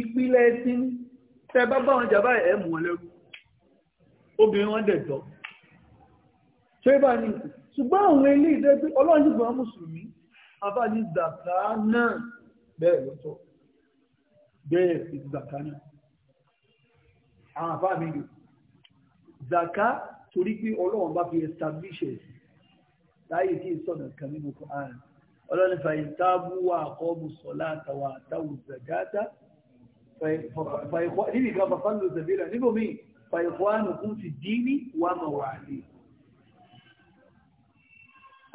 ìpìlẹ̀ ẹ̀sìn tẹ bá bá wọn jà báyìí ẹ̀ mú wọn lẹ́rú obìnrin wọn dẹ̀ tọ́ ṣé bá ní ṣùgbọ́n àwọn ilé ìdẹ́ pé ọlọ́run ti gbọ́n mùsùlùmí afá ní zàkà náà bẹ́ẹ̀ ló sọ bẹ́ẹ̀ ti zàkà náà àwọn afá mi rè zàkà torí pé ọlọ́run bá fi establish ẹ̀sìn láyé tí ìsọ̀nà kan nínú Quran ọlọ́run fàyín táàbù wà àkọ́bù sọ̀lá àtàwà àtàwù zàgáta níbi kan fàfàlù zàbíra níbò míì fàyíkwánu kún fi dínì wà mà wà ní.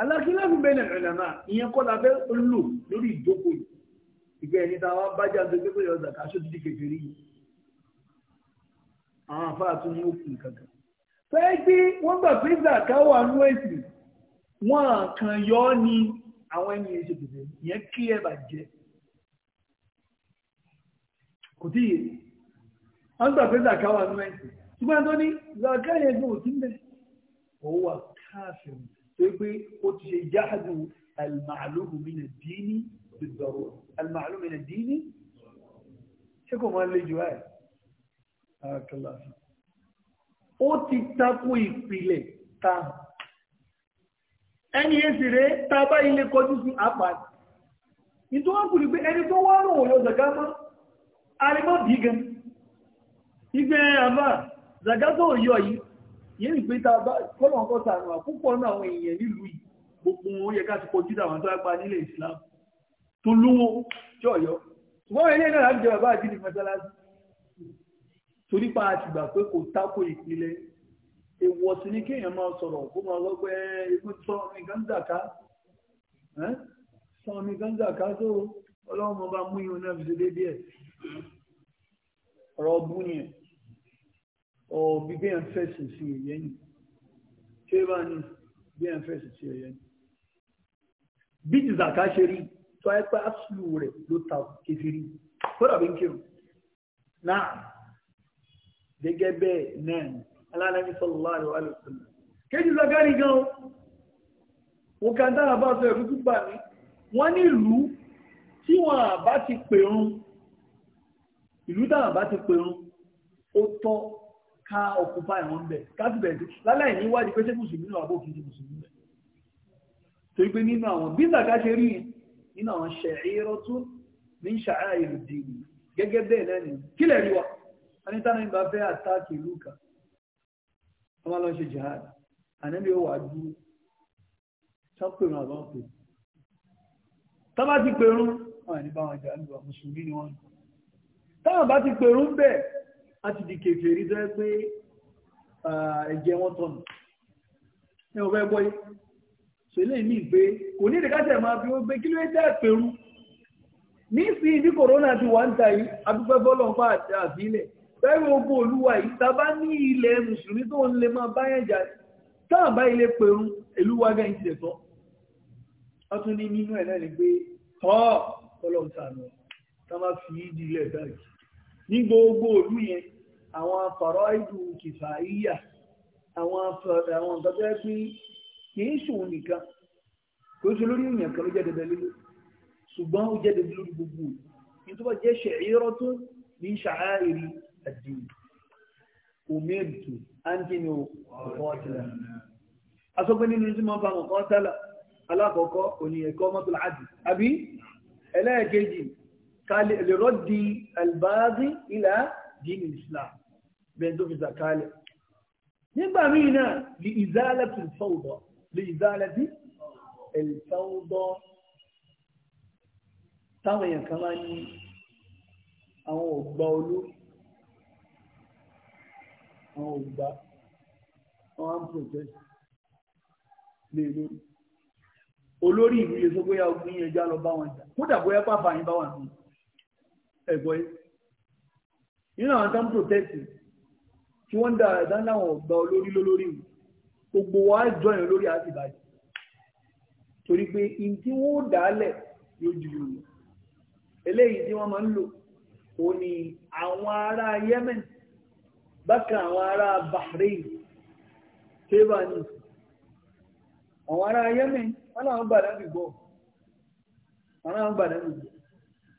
alákìlá fi bẹ́ẹ̀ nìyẹn náà ìyẹn kọ́ la fẹ́ lò lórí ìjókòó yìí ìgbẹ́ ẹni tá a wá bájà tó gbé pé ọ̀zà káṣó ti di kékeré yìí àwọn àfáà tún ní òkú kankan. fẹ́ẹ́ gbé wọ́n gbà pé zàká nú ẹ̀sìn wọ́n kàn yọ ọ́ ní àwọn ẹni èsì gbèsè yẹn kí ẹ bàjẹ́ kò tí yé wọ́n gbà pé zaka wà nínú ẹ̀sìn ṣùgbọ́n tó ní zaka yẹn gbọ́n òsín bẹ́ẹ̀ òun wà káàfin tó pé ó ti ṣe jáàdù almàlúmù mi nà dínì bìbọ̀rọ̀ almàlúmù mi nà dínì ṣé kò máa lè jù báyìí ó ti tako ìpìlẹ̀ táà ẹni èsì rẹ̀ tàbá ilé kọjú sí àpàdé ìtọ́ wọ́n kù ní pé ẹni tó wá lòun yóò zàgá mọ́ arimọ́ bí gan ìgbẹ́ àmà zàgá tó yọ yìí yẹ́nì pé tàbá kọ́lọ̀kọ́ sàánù àpúpọ̀ náà èèyàn nílùú yìí gbogbo wọn yẹ ká ti kọjú àwọn tó lápá nílẹ̀ Islam tó lówó tí ọ̀yọ́ ṣùgbọ́n ilé náà láti jẹ bàbá àti ìdí mọ́sálásí torípa àtìgbà pé kò tako ìpìlẹ̀ èwọ̀ sí ní kéèyàn máa sọ̀rọ̀ kó máa wọ́n pé ikú sọ omi gánzàká sọ omi gánzàká tó ọlọ́run bá mú ìhun náà fi ṣe déédéé ẹ̀ ọ̀rọ̀ ọbú yẹn ọ̀rọ̀ bí bí zaka fẹ̀sì sí ẹ̀yẹ́ yìí ṣé bá ní bí ẹn fẹ̀sì sí ẹ̀yẹ́ yìí bí jìzàká ṣe rí tó ẹ pé áṣùlù rẹ̀ ló ta kékeré kódà bí ń náà gẹ́gẹ́ bẹ́ẹ̀ náà alánàbí sallallahu alaihi wa sallam kéjì zagari gan wọn kà ń dára bá sọ ẹ̀rú gbígbà ní wọ́n ní ìlú tí wọ́n bá ti pèrún ìlú táwọn bá ti pèrún ó tọ́ ká ọkùnfà ẹ̀wọ̀n bẹ̀ kásìbẹ̀ẹ́dì láláì ní wádìí pé ṣé mùsùlùmí náà àbò kìí mùsùlùmí bẹ̀ torí pé nínú àwọn bí zaka ṣe rí nínú àwọn ṣẹ̀ẹ́rọ tún ní ṣàárà ìlú dìgbì gẹ́gẹ́ bẹ́ẹ̀ náà wọ́n lọ ṣe jihad ànábì ó wà dúró sọ́pẹ̀rún àbá pè tọ́bá ti pèrún wọ́n ní báwọn jà lùwà mùsùlùmí ni wọ́n táwọn bá ti pèrún bẹ́ẹ̀ a ti di kèfèrí tó yẹ pé ẹ̀jẹ̀ wọn tọ̀nù ní ọ̀fẹ́ bọ́yé ṣẹlẹ̀ ní ìgbé kò ní ìdíkàtẹ̀ máa fi ó gbé kí ló ń tẹ́ pèrún nísìnyí bí kòrónà ti wà ń ta yìí adúpẹ́ bọ́lọ̀ ń pa àti àbílẹ̀ bẹ́rù ogun olúwa yìí tàbá ní ilẹ̀ mùsùlùmí tó ń lè máa báyẹ̀ jà tàbá ilé pẹ̀rún ìlúwà gẹ́yìn ti lẹ̀tọ́ a tún ní nínú ẹ̀ lẹ́ni pé tọ́ ọlọ́ọ̀tàná tàbá fi ìdí ilẹ̀ dájú ní gbogbo olú yẹn àwọn afọ̀rọ̀ ìlú kìfà ìyà àwọn ìgbàgbọ́ pé kì í ṣòun nìkan kò الدين أمرت أنت مقاتلة أصبني نجم فمقاتلة alákọ̀ọ́kọ́ òní ẹ̀kọ́ mọ́tòlá àjì àbí ẹlẹ́ẹ̀kejì kalẹ̀ lè rọ́dì albáàzí ilá dínì islam bẹ́ẹ̀ tó fi zakalẹ̀ nígbà míì náà lè ìzálẹ̀tì fọ́ọ̀dọ̀ lè ìzálẹ̀tì ẹ̀lfọ́ọ̀dọ̀ táwọn èèyàn kan máa ní àwọn ọ̀gbà olórí àwọn ògbà wọn á ń protest lè lórí olórí ìlú yẹn sọ pé ya ogun yẹn já lọ bá wọn jà kódà bóyá pàpà yín bá wà nù ẹ̀gbọ́ yìí nínú àwọn tó ń protest tí wọ́n ń da ẹ̀dá láwọn ọ̀gbà olórí lólórí ìlú gbogbo wa jọ yẹn lórí àtìbáyé torí pé in tí dálẹ̀ yóò ju yòó eléyìí tí wọ́n máa ń lò ó àwọn ará Yemen bákan àwọn ará Bahrain tébà ní àwọn ará Yemen wọ́n láwọn gbàdá nìgbọ́ àwọn àwọn gbàdá nìgbọ́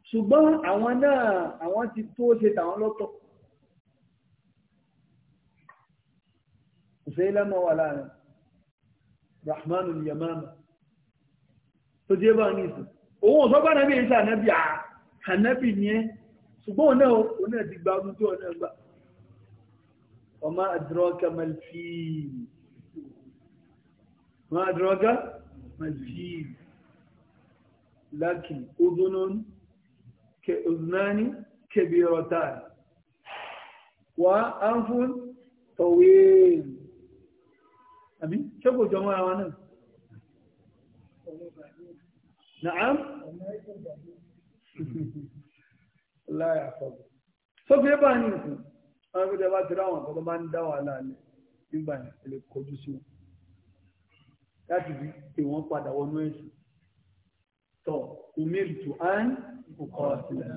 ṣùgbọ́n àwọn náà àwọn ti tó ṣe tàwọn lọ́tọ̀ Usaylama wà láàrin Rahmanu Yamama tó jẹ́ bá ní ìsìn òun ò sọ́gbà náà bí ìṣà náà bí ànábì ní ẹ́ ṣùgbọ́n náà ò náà ti gba ọdún tó ọ̀nà gbà وما أدراك ما الفيل ما أدراك ما الفيل لكن أذن كأذنان كبيرتان وأنف طويل أمين شكوا جماعة وانا نعم الله يحفظ سوف يبقى wọ́n fi dẹ́gbà tí ráwọn kan bá ń dá wàhálà lẹ̀ nígbà yẹn lè kojú sí wọn láti fi pè wọ́n padà wọnú ẹ̀sìn tọ̀ omeru tó án òkọ sílẹ̀.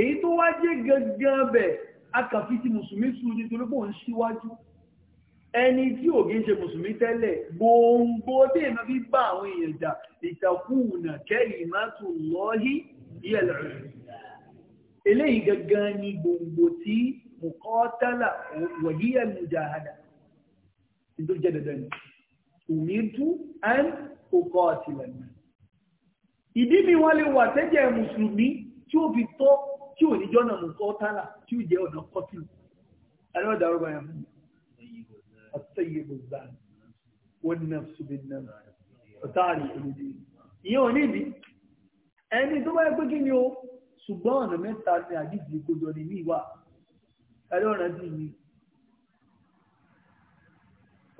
èyí tó wá jẹ́ gangan bẹ̀ akàfi ti mùsùlùmí sùn nítorí pé òun síwájú ẹni tí ò ṣe mùsùlùmí tẹ́lẹ̀ gbòǹgbò tí èèyàn fi bá àwọn èèyàn jà ìtàkùnà kẹ́lì má tù yẹ̀lẹ̀ rẹ̀ eléyìí gangan ni gbòǹgbò tí mùkọ́tàlà wàhíyà mùjáhàdà ìdó jẹ́ dandan ni òmìntú and òkọ́tìlà ni. ìdí mi wọ́n lè wà tẹ́jẹ̀ mùsùlùmí tí ó fi tọ́ tí ò ní jọ́nà mùkọ́tàlà tí ó jẹ́ ọ̀nà kọ́tìlù alọ́dà ọ̀rọ̀ yẹn fún mi. ọ̀sẹ̀yẹ bò zan wọ́n ní nàfṣù bí nà ọ̀táàrí olùdí. ìyẹn ò ní ìdí ẹni tó bá o ṣùgbọ́n ọ̀nà mẹ́ta ni àdìsí kójọ ní ìwà ẹni ọ̀ràn dì mí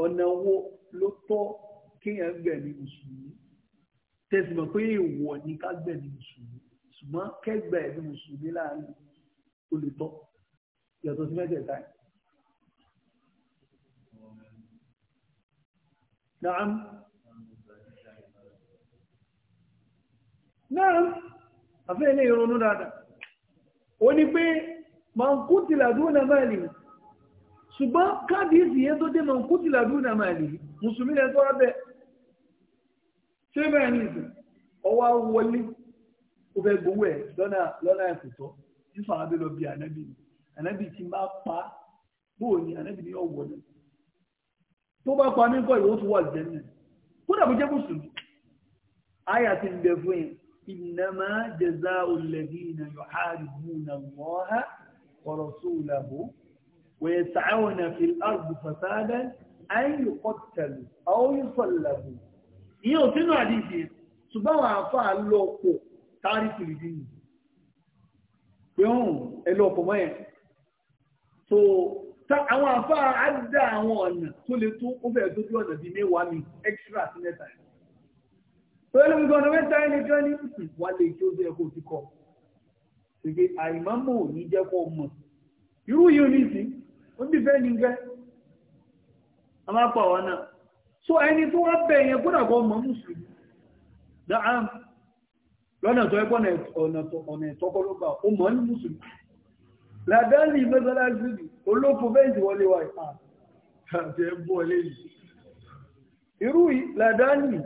ọ̀nà wo ló tọ́ kéèyàn gbẹ̀mí mùsùlùmí tẹ̀sí mọ̀ pé èèwọ̀ ni ká gbẹ̀mí mùsùlùmí ṣùgbọ́n kẹ́gbẹ̀ẹ́mí mùsùlùmí láàrin olùtọ́ yàtọ̀ sí mẹ́tẹ̀ẹ̀ta yìí. Naam. Naam. Àfẹ́ ilé ìrònú dáadáa. Ó ní pé mọ̀nkútìlà dúnà máa lè ṣùgbọ́n káàdìsì yẹn tó dé mọ̀nkútìlà dúnà máa lè mùsùlùmí lẹ́ tọ́ra bẹ́ẹ̀ ṣé bẹ́ẹ̀ ní ìsìn ọwọ́ wọlé ó fẹ́ gbowó ẹ̀ lọ́nà lọ́nà ẹ̀kọ́tọ́ sísọ àbẹ́ lọ bí ànábì ànábì ti máa pa bóò ni ànábì ni ọ̀wọ́ náà tó bá pa mí kọ́ ìwọ́n tó wà jẹ́ náà kódà jẹ́ mùsùlùmí àyà ti ń bẹ fún yẹn innama jazaa'u alladhina yuharibuna Allaha ورسوله ويسعون في الأرض فسادا أن يقتلوا أو يصلبوا إيه تنو عديثي سبحان عفا اللوكو تعرف الدين يوم اللوكو مين so àwọn àfá àdá àwọn ọ̀nà tó lè tó ó fẹ́ tó bí ọ̀nà bí mẹ́wàá mi extra sí mẹ́ta ẹ̀ tó lè mú gan ọ̀nà mẹ́ta ẹni gan ní wà lè kí ó bẹ́ẹ̀ kó ti kọ́ ṣègbè àìmọ́mọ̀ ò ní jẹ́ kó mọ̀ irú yìí ní sí ó bí fẹ́ ní fẹ́ alápàwọ̀ náà so ẹni tó wá bẹ̀ yẹn kódà kó mọ̀ mùsùlùmí dáa lọ́nà tó ẹgbọ́n ọ̀nà ìtọ́kọ́lọ́gbà ó mọ̀ ní mùsùlùmí làbẹ́lì mẹ́sàlásì olóko bẹ́ẹ̀sì wọlé wa ìpá àti ẹgbọ́ eléyìí irú làdáni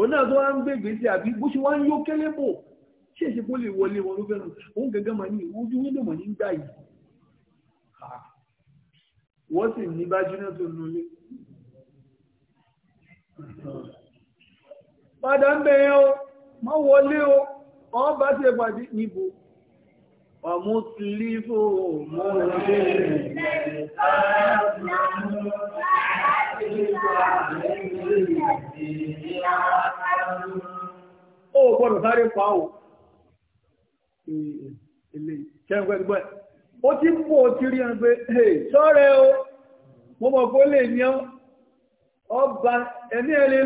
ó náà tó wá ń gbégbèsè àbí bó ṣe wá ń yó kélébò ṣe ṣe kó lè wọlé wọn ló fẹ́ràn òun gẹ́gẹ́ máa ní ojú wíńdò mọ̀ ní gbà yìí wọ́n sì ní bá júná tó nulẹ̀ padà ń bẹ̀yẹn o má wọlé o wọ́n bá ti pàdé níbo ọmọ ti lé fò mọ́ ọ̀rẹ́ ó gbọ́dọ̀ sáré pa o ilé ṣẹ́gbẹ́gbẹ́ ó ti mú o ti rí ẹgbẹ́ ṣọ́rẹ́ o mo mọ̀ ọba ẹ̀mí ẹ̀ lè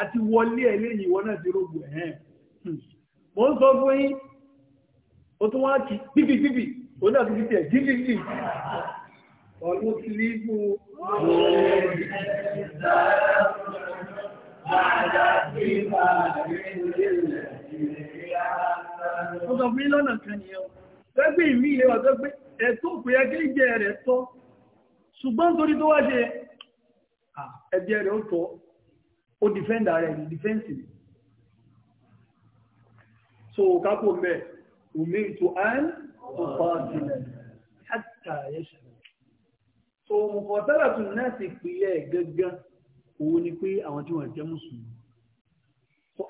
àti wọlé ẹ̀ lẹ́yìn ìwọ náà ti rògbò ẹ̀hẹ́n mo ń sọ fún yín ó tún wá kí bíbí ó náà ó sọ fún ìlọ́nà kan nìyẹn gbẹ́gbẹ́ ìmí ilé ọ̀tọ́ pé ẹ̀tọ́ òpè ẹgbẹ́ ìjẹ́ rẹ̀ tọ́ ṣùgbọ́n torí tó wá ṣe ẹ̀jẹ̀ rẹ̀ ó tọ́ ó dìfẹ́ǹdà rẹ̀ ní dìfẹ́ǹsì so kápò mẹ́ omi to an ọ̀pọ̀lọpọ̀ hátà ẹ̀ṣẹ̀ so mọ̀fọ̀tálà tún náà ti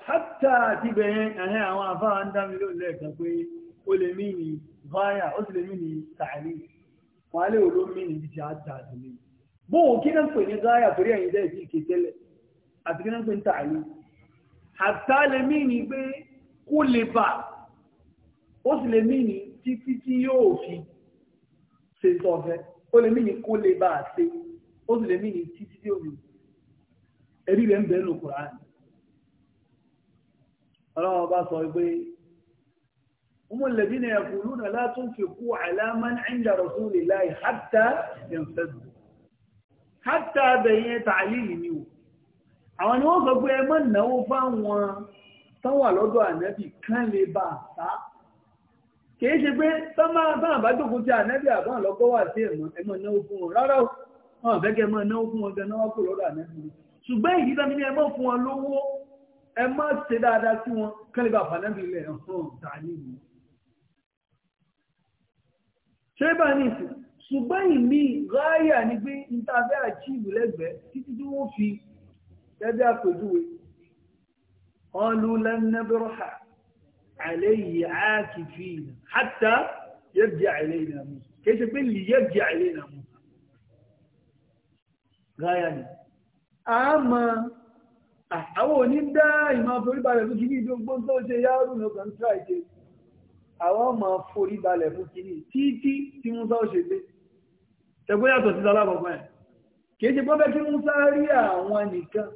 hátà àti bẹ̀yẹn ẹ̀hẹ́ àwọn àfáà ń dá mi ló lẹ́ẹ̀kan pé ó lè mí ní báyà ó sì lè mí ní tààrí wọn alẹ́ òló mí ní jíjẹ àtà àti mi bóun kí náà pè ní gáyà torí ẹ̀yìn dẹ́ ìdí ìké tẹ́lẹ̀ àti kí náà pè ní tààrí hátà lè mí ní pé kó lè bà ó sì lè mí ní títí tí yóò fi ṣe tọ́fẹ́ ó lè mí ní kó lè bà ṣe ó sì lè mí ní títí tí yóò fi ẹ̀rí rẹ̀ ń bẹ̀ẹ́ ọlọ́wọ́ bá sọ pé ọmọ lẹ́bí na ẹ̀kùnlú na látún fi kú àlámán ẹ̀ndà rọ̀súlì láì hátà ẹ̀fẹ́sù hátà bẹ̀yẹ tààlìlì ni o àwọn ni wọ́n sọ pé ẹmọ́ náwó fáwọn tánwà lọ́dọ̀ ànẹ́bì kán lè bá sá kìí ṣe pé tánwà bá dòkú tí ànẹ́bì àbọ̀n lọ́gbọ́ wà sí ẹmọ náwó fún wọn rárá ẹ má ṣe dáadáa sí wọn kẹ́lẹ́bà fànábì ilẹ̀ hàn dání ni. ṣé bá ní ìsìn ṣùgbọ́n ìmí ráyà ni pé ìtafẹ́ àjíìbù lẹ́gbẹ̀ẹ́ títí tí wọ́n fi gẹ́gẹ́ àpèjúwe قالوا لن نبرح عليه عاكفين حتى يرجع إلينا موسى كيف يقول لي يرجع إلينا موسى غاية أما Ah, àwọn òní dá ìmọ̀ foríbalẹ̀ fún kìíní ìdógbó tó ṣe yáàrù lọ́kàn tí a ṣe àwọn ọmọ foríbalẹ̀ fún kìíní títí tí Musa ó ṣe dé tẹ̀gbọ́ yàtọ̀ sí alákọ̀ọ́kọ́ ẹ̀ kìí ṣe pọ́fẹ́ kí Musa rí àwọn nìkan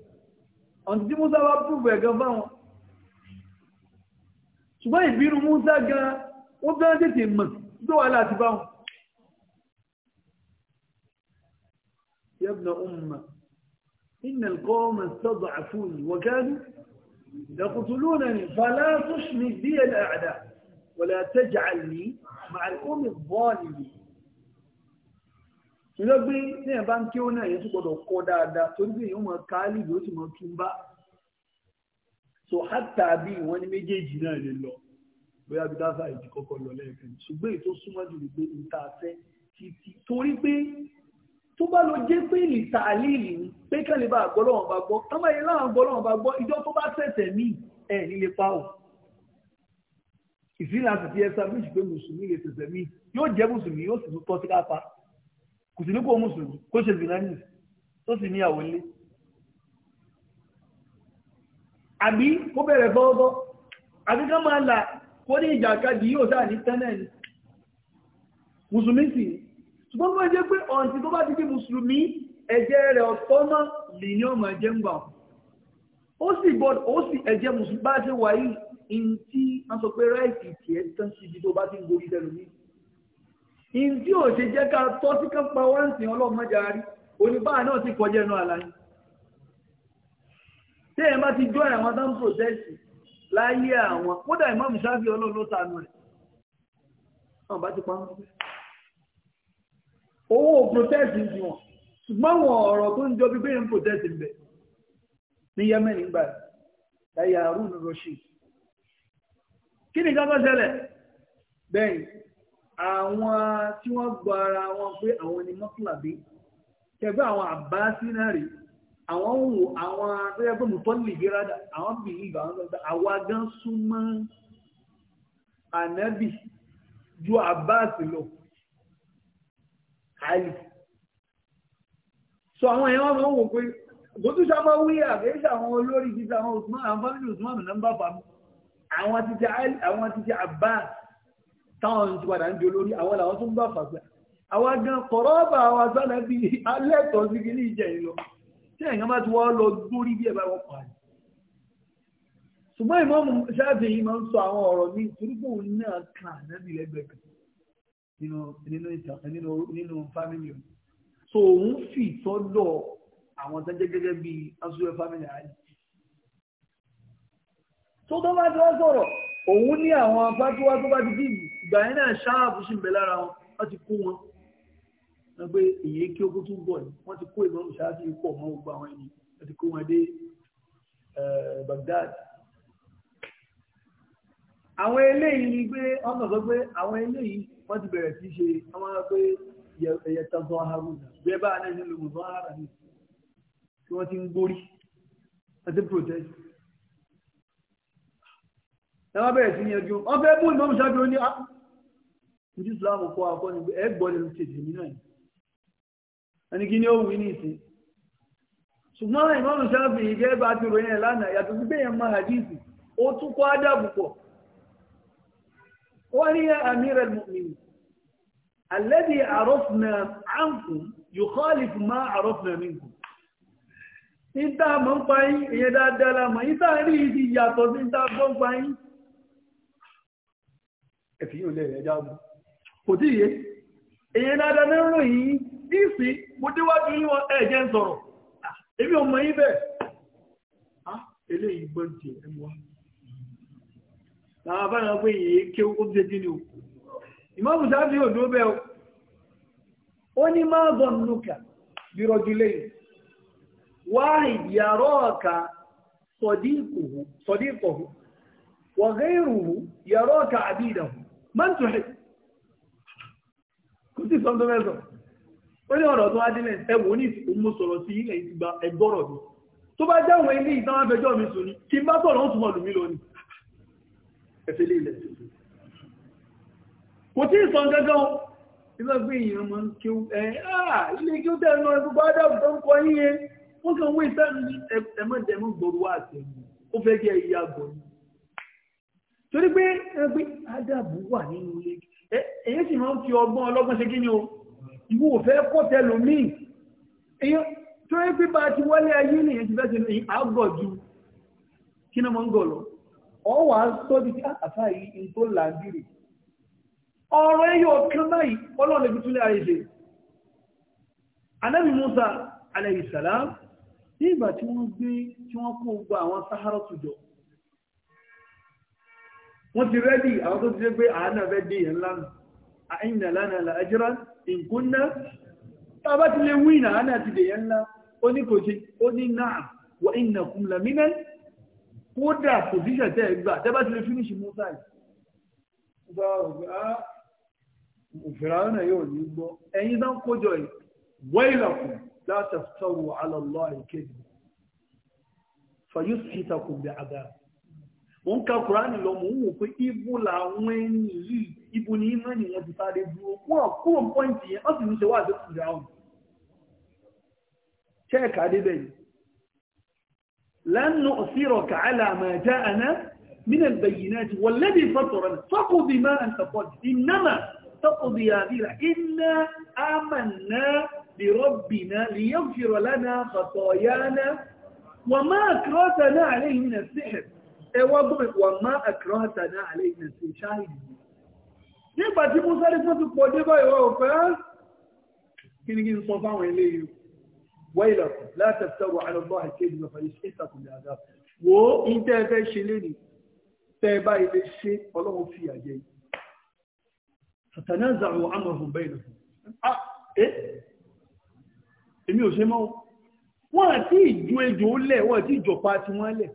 ọ̀n tí Musa wá púpọ̀ ẹ̀gan fáwọn ṣùgbọ́n ìbínú Musa gan ó gan tètè mọ̀ tó yabna umma إن القوم استضعفوني وكانوا يقتلونني فلا تشمل بي الأعداء ولا تجعلني مع القوم الظالمين ṣùgbọ́n gbé ní ẹ̀bá ń kí ó náà yẹn tó gbọ́dọ̀ kọ́ dáadáa torí pé èèyàn máa káálì ló ti máa tún bá so hátà bí wọ́n ní méjèèjì náà lè lọ bóyá bí dáfà ìdí kọ́kọ́ lọ lẹ́ẹ̀kan ṣùgbọ́n ètò súnmọ́ jù lè gbé ìta fẹ́ títí torí pé tó bá lọ jẹ́ pé ìlì tààlìlì ni pé kẹ́lẹ̀ bá gbọ́lọ́wọ́n bá gbọ́ ọmọ yìí láwọn gbọ́lọ́wọ́n bá gbọ́ ìjọ tó bá tẹ̀tẹ̀ mí ẹ̀ nílé pa ọ̀ ìsìn láti fi ẹsẹ̀ méjì pé mùsùlùmí lè tẹ̀tẹ̀ mí yóò jẹ́ mùsùlùmí yóò sì tún tọ́ sí kápá kò sì ní mùsùlùmí kó ṣe zìnà nì tó sì níyàwó ilé àbí kó bẹ̀rẹ̀ gbọ́gbọ́ àbí ṣùgbọ́n bó jẹ́ pé ọ̀ǹtí tó bá ti di mùsùlùmí ẹ̀jẹ̀ rẹ̀ ọ̀tọ̀ mọ́ lèyìn ọmọ ẹ̀jẹ̀ ń gbà ó sì gbọ́dọ̀ ó sì ẹ̀jẹ̀ mùsùlùmí bá ṣe wà yìí in tí wọ́n sọ pé ráìtì tiẹ̀ tán síbi tó bá ti ń gorí lẹ́nu mi in tí ò ṣe jẹ́ ká tọ́ sí ká pa wá ń sìn ọlọ́mọdé arí oníbàá náà ti kọjá ẹnu àlá yìí tẹ́yẹ̀ bá ti jọ àwọn tán protest láyé àwọn kódà ìmọ̀ mùsáfì ọlọ́run ló tanú rẹ̀ wọ́n bá ti pa wọ́n owó protest ń di wọn ṣùgbọ́n wọn ọ̀rọ̀ tó ń jọ bí bẹ́ẹ̀ ń protest ń bẹ̀ ní Yemen nígbà ẹ̀yà Harun Rashid kí ni kankan ṣẹlẹ̀ bẹ́ẹ̀ àwọn tí wọ́n gbọ́ ara wọn pé àwọn ni mọ́kànlábí kẹgbẹ́ àwọn àbá sínárì àwọn wò àwọn tó yẹ pé mùtọ́lì gírádà àwọn bìlíìbì àwọn tó àwa gan súnmọ́ ànábì ju àbá sí lọ. Ali so àwọn èèyàn máa ń wò pé gòtúṣà máa wí àgbéṣà àwọn olórí títí àwọn Usman àwọn fámìlì Usman náà ń bá fa àwọn títí Ali àwọn títí Abbas táwọn ti padà ń di olórí àwọn làwọn tó ń bá fàgbà àwọn gan kọ̀rọ̀bà àwọn agbára bí alẹ́tọ̀ sí kí ní ìjẹ ìlọ tí èèyàn bá ti wọ́n lọ gbórí bí ẹ̀bá wọn pàdé ṣùgbọ́n ìmọ̀mù ṣáàfihàn máa ń sọ àwọn ọ̀rọ̀ ní ìtúrúkù náà kàn náà kan nínú nínú ìtàn nínú nínú fámìlì o so òun fi ìtọ́dọ̀ àwọn tó jẹ́ gẹ́gẹ́ bíi asúwẹ́ fámìlì àárín tó tó bá ti wá sọ̀rọ̀ òun ní àwọn fatuwa tó bá ti bí ìgbà yẹn náà ṣáàbù sí ìbẹ̀ lára wọn wọ́n ti kó wọn wọ́n pé èyí kí ogun tún bọ̀ ni wọ́n ti kó ìmọ̀ òṣàṣì pọ̀ mọ́ gbogbo àwọn ènìyàn wọ́n ti kó wọn dé eh, Baghdad àwọn eléyìí ni pé ọmọ sọ pé àwọn eléyìí ti bẹ̀rẹ̀ sí ṣe àwọn pé ẹ̀yẹ tọ́gbọ́n haruna bẹ́ẹ̀ bá anáyẹ ló mọ̀ wọ́n hara ní tí wọ́n ti ń gbórí wọ́n ti protest. ẹ bẹ̀rẹ̀ sí ah, islam kọ́ akọ́ ni ẹ gbọ́ náà ẹni kí ni ó wí ní ìsìn ṣùgbọ́n ti ròyìn ẹ̀ lánàá yàtọ̀ sí bẹ́ẹ̀ ó wọ́n ní amir al-mu'minin alladhi àrọ́fùnà àǹkùn yukhalifu ma àrọ́fùnà minkum ìta mọ́ ń pa yín èyẹ dáadáa lámọ̀ ìta rí ìdí yàtọ̀ sí ìta gbọ́n pa yín ẹ̀fì yóò lè rẹ̀ jáàbù kò tí yé èyẹ dáadáa ní ròyìn ìsìn mo déwájú yín wọn ẹ̀jẹ̀ ń sọ̀rọ̀ ah, èmi ò mọ̀ yín bẹ́ẹ̀ ah, eléyìí gbọ́n tiẹ̀ ẹ̀ wá làwọn abáná pé èyí kí ó kóbi ṣe ní o ìmọ̀mù sáfì ò dúró bẹ́ẹ̀ ó ní máa bọ̀ nùkà bí rọjú lẹ́yìn wahid yàrá ọ̀ka صديقه وغيره يراك عبيده من ó ní ọ̀rọ̀ tó wá ní sọ̀rọ̀ sí mi tó bá jáwọn ilé afẹjọ́ mi sùn ní kí n bá sọ̀rọ̀ ó túnmọ̀ ẹ̀fẹ́ lè lẹ̀ kò tí ìsàn gẹ́gẹ́ o ibẹ́ gbé èèyàn mọ́ kí ó ẹ̀ àà ah, ilé kí ó tẹ́lọ ẹgbùgbọ́ adáàbù tó ń kọ yíye wọ́n kàn wé ìsẹ́mọ̀dẹ̀mọ̀ gbòrò wà àtẹ̀yìn ó fẹ́ kí ẹ̀yà gbòrò torí pé ẹgbẹ́ adáàbù wà nínú ilé èyí sì máa ń fi ọgbọ́n ọlọ́gbọ́n ṣe kí ni o ìwọ ò fẹ́ kọ́ tẹ́lọ míì torí pé bá ti wọlé ayé nìyẹn ti fẹ́ ṣe wọ́n wà á sọ́dí tí àtàfà yìí ń tó làágìrì ọ̀rọ̀ ẹyọ kan báyìí ọlọ́run ẹbí túnlẹ̀ ayé ṣe anábì Musa alayhi salam ní ìgbà tí wọ́n gbé tí wọ́n kó gba àwọn sahara tùjọ wọ́n ti rẹ́dì àwọn tó ti ṣe pé àánà fẹ́ dé yẹn lánà àìyàn lánà là ajra in kunna tàbá ti lè wí àánà ti dè yẹn lá ó ní kò ṣe ó ní náà wà innakum lamina kódà pòsíṣẹ̀ tẹ́ ẹ gbà tẹ́ bá ti lè finish musa yìí gba ọ̀gá òfìràwọ̀ náà yóò ní gbọ́ ẹ̀yin náà kójọ yìí wailakum la taftaru ala Allahi kadhiba fayusitakum bi'adab wọ́n ka kùránì lọ mọ̀ ń wò pé ibu làwọn ẹni yìí ibu ní iná ni wọ́n ti sáré dúró wọ́n kúrò pọ́ǹtì yẹn wọ́n sì ṣe wá àdékùnrin àwọn ṣẹ́ẹ̀kà débẹ̀ yìí لن نؤثرك على ما جاءنا من البينات والذي فطرنا فقض ما أنت قد إنما تقضي هذه إنا آمنا بربنا ليغفر لنا خطايانا وما أكرهتنا عليه من السحر إيه وما أكرهتنا عليه من السحر شاهد nígbàtí mú sáré fún ti pọ̀ dé báyìí wọ́n wailakum la taftaru ala Allahi al-kadhiba fayus'itakum bi adhab wo ìtẹ́ ẹ̀fẹ́ ṣe lérí tẹ́ ẹ báyìí lè ṣe ọlọ́run fi àjẹ́ yìí fatanaza'u amrahum bainahum ah eh èmi ò ṣe mọ́ wọ́n àti ìjú ejò lẹ̀ wọ́n àti ìjọpa ti wọ́n lẹ̀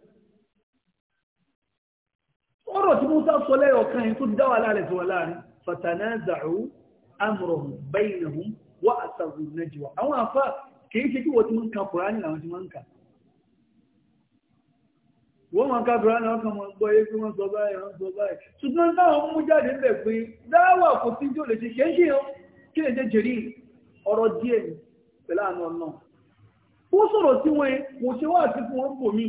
ọ̀rọ̀ tí Musa sọ lẹ́yọ̀ kan yìí tó dá wà láàrin tó wà láàrin fatanaza'u amrahum bainahum wa asarru najwa àwọn àfáà kìí ṣe kí wọ́n ti mọ́ ń ka kùránì làwọn ti mọ́ ń kà wọ́n mọ̀ ká kùránì wọn kàn mọ́ gbọ́ yé kí wọ́n sọ báyìí wọ́n sọ báyìí ṣùgbọ́n táwọn mú jáde bẹ̀ pé dáwà kò sí tí ò lè ṣe ṣe é ṣe o kí lè ṣe jèrè ọ̀rọ̀ díẹ̀ pẹ̀lú àná náà ó sọ̀rọ̀ sí wọn kò ṣe wá àti fún wọn bò mí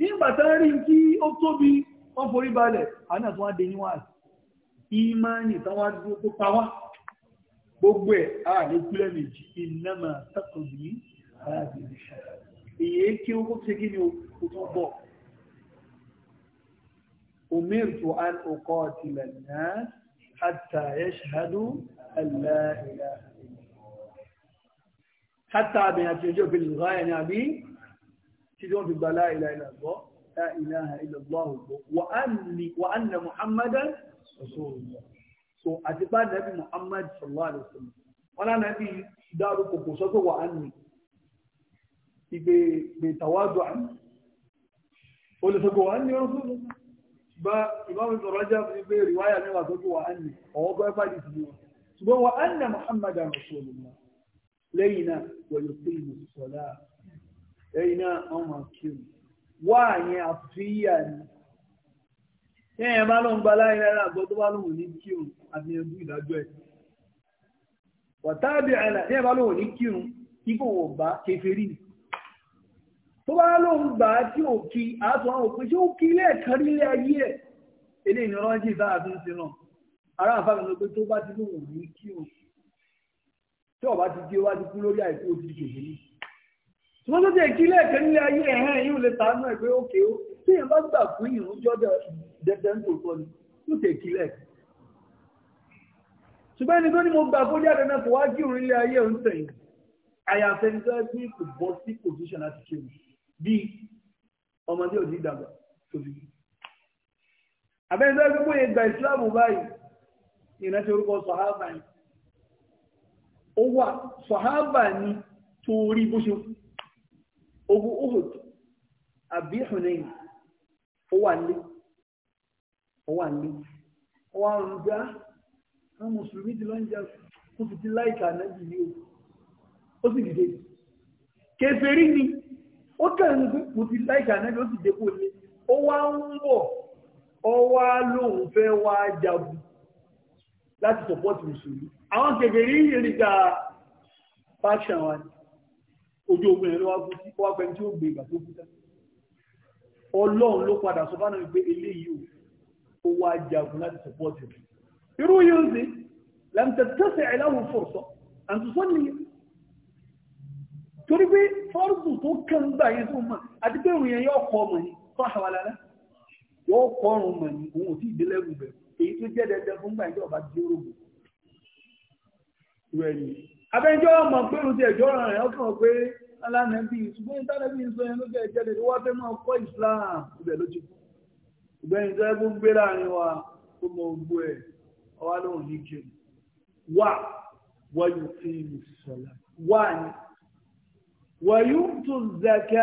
nígbà tá ń rí kí ó tóbi wọn forí balẹ̀ àná tó wá dé níwájú ìmánì táwọn gbogbo ẹ̀ a lè gúlẹ̀ méjì ìnáma sàkọ̀bí ààbìrì ìyẹ́ kí ó ṣe kí ni ó tó bọ̀ umirtu an uqatila an-nas hatta yashhadu an la ilaha hatta àbẹ̀ àti ọjọ́ ìbí lùgá ẹ̀ ní àbí tí wọ́n fi gba la ilaha illallah la ilaha illallah wa anna muhammadan rasulullah so àti bá nàbí muhammad sallallahu alayhi wa sallam wọn náà nàbí dárúkọ kò sọ pé wà á nì ìgbè gbètàwádọ àmì olùsọkọ wà á nì ọ̀rọ̀ fún mi bá ìmáàmù ìtọrọ ajá fún mi pé rìwáyà mi wà sókè wà á nì ọwọ́ bá bá di sílẹ̀ wọn ṣùgbọ́n wà á nà muhammad rasulullah lẹ́yìn náà wọlé pé ìmọ̀sọ̀lá lẹ́yìn náà wọn máa kírun wá àyẹn àfíyà ni. Yẹ́n yẹn bá lóun gba láyé rẹ̀ bá lóun ní kírun àbíyànjú ìdájọ́ ẹ̀ wàtáàbí àìlà ní ẹ̀bá lóhùn ní kírun ibò wò bá kèfèrí tó bá lóhùn gbà tí ò kí àtọ̀ àwọn òpin tí ó kí ilé ẹ̀kan nílé ayé ẹ̀ ilé ìnirọ́jì bá a fi ń sin náà ará àfáàmì ló pé tó bá ti lóhùn ní kírun tí ọba ti di wá kú lórí àìkú ó ti di kèfèrí ṣùgbọ́n tó ti kí ilé ẹ̀kan nílé ayé ẹ̀hẹ́n yóò lè tàánú ẹ̀ pé ó kéwó tí èèyàn bá gbà fún ìrún dẹ́dẹ́ ń tòótọ́ ni yóò tẹ̀ kí ilé ẹ̀kan ṣùgbọ́n ẹni tó ní mo gbà kó jáde náà kò wá kí òun ilé ayé òun tẹ̀yìn àyàfẹ́ ní sọ́yẹ́ pé kò bọ́ sí position láti ṣe mi bí ọmọdé ò ní ìdàgbà tóbi. àbẹ́ni sọ́yẹ́ pé bóyá ìgbà ìsìláàmù báyìí ìrántí orúkọ sọ̀hábà ni ó wà sọ̀hábà ni torí bó ṣe ogun ohud àbí hunayn ó wà nílé ó wà nílé ó wà ń gbá àwọn mùsùlùmí ti lọ́njà ó ti ti láìka ànábì ni ó sì dìde kèfèrí ni ó kẹrin pé mo ti láìka ànábì ó sì dé kó lé ó wá ń bọ̀ ó wá lóun fẹ́ wá jagun láti sọpọ́tì mùsùlùmí àwọn kèfèrí ìrìnkà ah, faction wa ni ojú ogun ẹ̀rọ wá fún sí wá pẹ̀lú tí ó gbé ìgbà tó kú ọlọ́run ló padà sọ fánà wípé eléyìí ó wá jagun láti sọpọ́tì rẹ̀ يروي ينزل لم تتسع له فرصة أن تصلي torí pé fọ́rùsù tó kàn gbà yẹn tó mọ̀ àti pé òun yẹn yóò kọ ọmọ ní tọ́ṣà wà lára yóò kọ ọrùn mọ̀ ní òun ò tí ì délẹ́gùn bẹ̀rù èyí tó jẹ́ dandan fún gbà ìjọba tí ó rògbò rẹ̀ ni. abẹ́jọ́ ọmọ pé òun ti ẹ̀jọ́ ọ̀ràn rẹ̀ ó kàn pé alánà bí ṣùgbọ́n ìtàlẹ́ bí sọ yẹn ló jẹ́ ìjẹ́ lè wá fẹ́ máa kọ́ Islam ibẹ̀ ló ti kú ìgbẹ́yìn ọwá ló ń ní kiri wà wọ́yù tí ìlú sọ̀lá wà ní wọ́yù tó zaka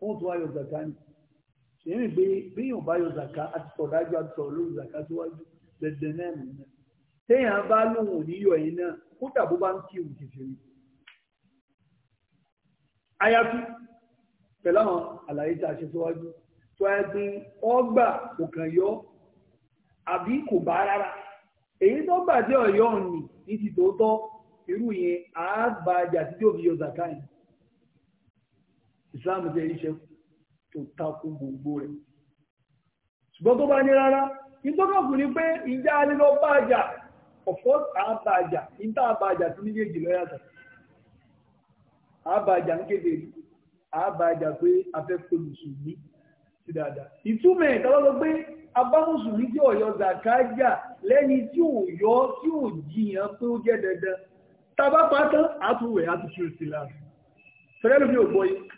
wọ́n tó wáyọ̀ zaka ni èyí gbé bíyàn bá yọ zaka àti sọ̀dájú àti sọ̀rọ̀ lórí zaka síwájú dẹ̀dẹ̀ náà nìyẹn téèyàn bá lóun ò ní náà kódà bó bá ń kí ìwù kékeré àyàfi pẹ̀lú àwọn àlàyé tá a ṣe síwájú tó ẹgbin ọgbà kò yọ àbí kò bá rárá èyí tó gbà tí ọ̀yọ́ ọ̀nì ní ti tòótọ́ irú yẹn á tí tí ò fi yọ jẹ́ iṣẹ́ tó takò gbogbo rẹ̀ ṣùgbọ́n tó bá ní rárá ìtọ́kọ̀kù ni pé ìjà ọ̀fọ́ àbàjà àbàjà tí pé afẹ́ pẹ̀lú sí dáadáa ìtumọ̀ ẹ̀ tọ́lọ́ lọ pé abámùsùlùmí tí ọ̀yọ́ zàkájà lẹ́ni tí ò yọ tí ò jiyàn pé ó jẹ́ dandan tàbá pátán àtúwẹ̀ àtúnṣe òsì láàrin fẹ́rẹ́lú mi ò gbọ́ yìí